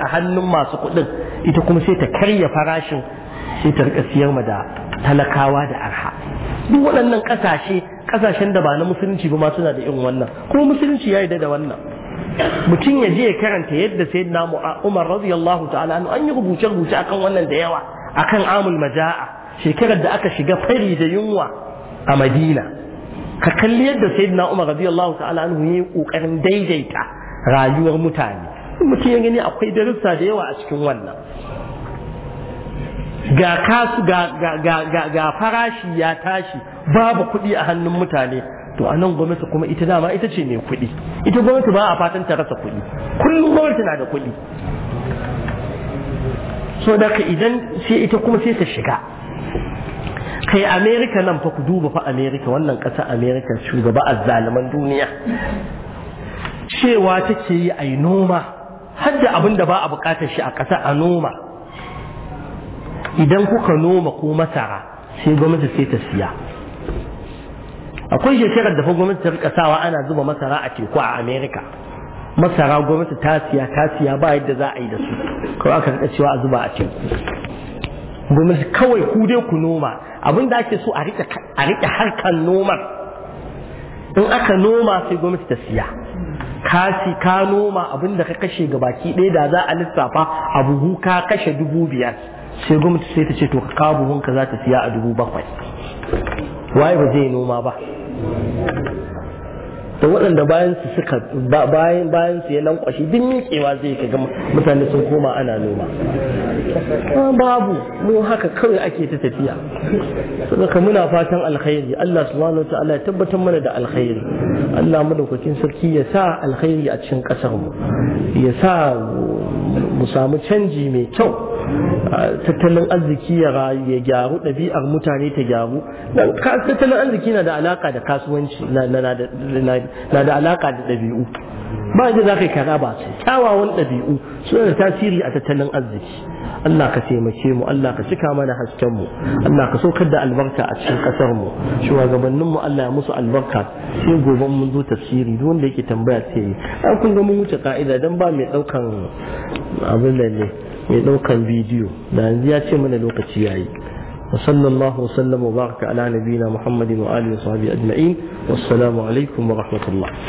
[SPEAKER 1] masu kuɗin ita kuma sai ta karya farashin sai ta rika siyar ma da talakawa da arha duk waɗannan ƙasashe ƙasashen da ba na musulunci ba ma suna da irin wannan kuma musulunci ya yarda da wannan mutum ya je ya karanta yadda sai na umar radiyallahu ta'ala an yi rubuce-rubuce akan wannan da yawa a akan amul maja'a shekarar da aka shiga fari da yunwa a madina ka kalli yadda sayyidina Umar radiyallahu ta'ala anhu yayi kokarin daidaita rayuwar mutane mutum ya gani akwai darussa da yawa a cikin wannan
[SPEAKER 2] ga kasu
[SPEAKER 1] ga farashi ya tashi babu kuɗi a hannun mutane to a nan gwamnati kuma ita dama ita ce mai kuɗi ita gwamnati ba a fatan ta rasa kuɗi kullum gwamnati na da kuɗi so da idan sai ita kuma sai ta shiga kai amerika nan fa ku duba fa amerika wannan kasa amerika shugaba a duniya cewa take yi a noma har da abin da ba a buƙatar shi a ƙasa a noma idan kuka noma ko masara sai gwamnati sai ta siya akwai shekarar da fa gwamnati ta rika sawa ana zuba masara a teku a amerika masara gwamnati ta siya ta siya ba yadda za a yi da su kawai aka rika cewa a zuba a teku gwamnati kawai ku dai ku noma abin da ake so a rike harkar noma in aka noma sai gwamnati ta siya kasi ka noma abin da ka kashe ga baki ɗaya da za a lissafa a buhu ka kashe dubu biyar sai gwamnati sai ta ce to ka kawo buhun ka za ta siya a dubu bakwai waye ba zai noma ba da waɗanda bayan su suka bayan bayan su ya lankwashi duk miƙewa zai gama mutane sun koma ana noma babu mu haka kawai ake ta tafiya saboda muna fatan alkhairi Allah subhanahu wataala ya tabbatar mana da alkhairi Allah madaukakin sarki ya sa alkhairi a cikin ƙasar mu ya sa mu samu canji mai kyau tattalin arziki ya gyaru ɗabi'ar mutane ta gyaru tattalin arziki na da alaka da kasuwanci na da alaka da ɗabi'u ba ji za ka yi kara ba sai kyawawan ɗabi'u suna da tasiri a tattalin arziki Allah ka taimake mu Allah ka cika mana hasken mu Allah ka saukar da albarka a cikin kasar mu shugabannin mu Allah ya musu albarka sai gobe mun zo tafsiri duk wanda yake tambaya sai an kun ga mun wuce ka'ida dan ba mai daukan abin da mai ɗaukan bidiyo da yanzu ya ce mana lokaci yayi wa sallallahu sallama wa baraka ala nabiyina muhammadin wa alihi wa sahbihi ajma'in wassalamu alaikum wa rahmatullah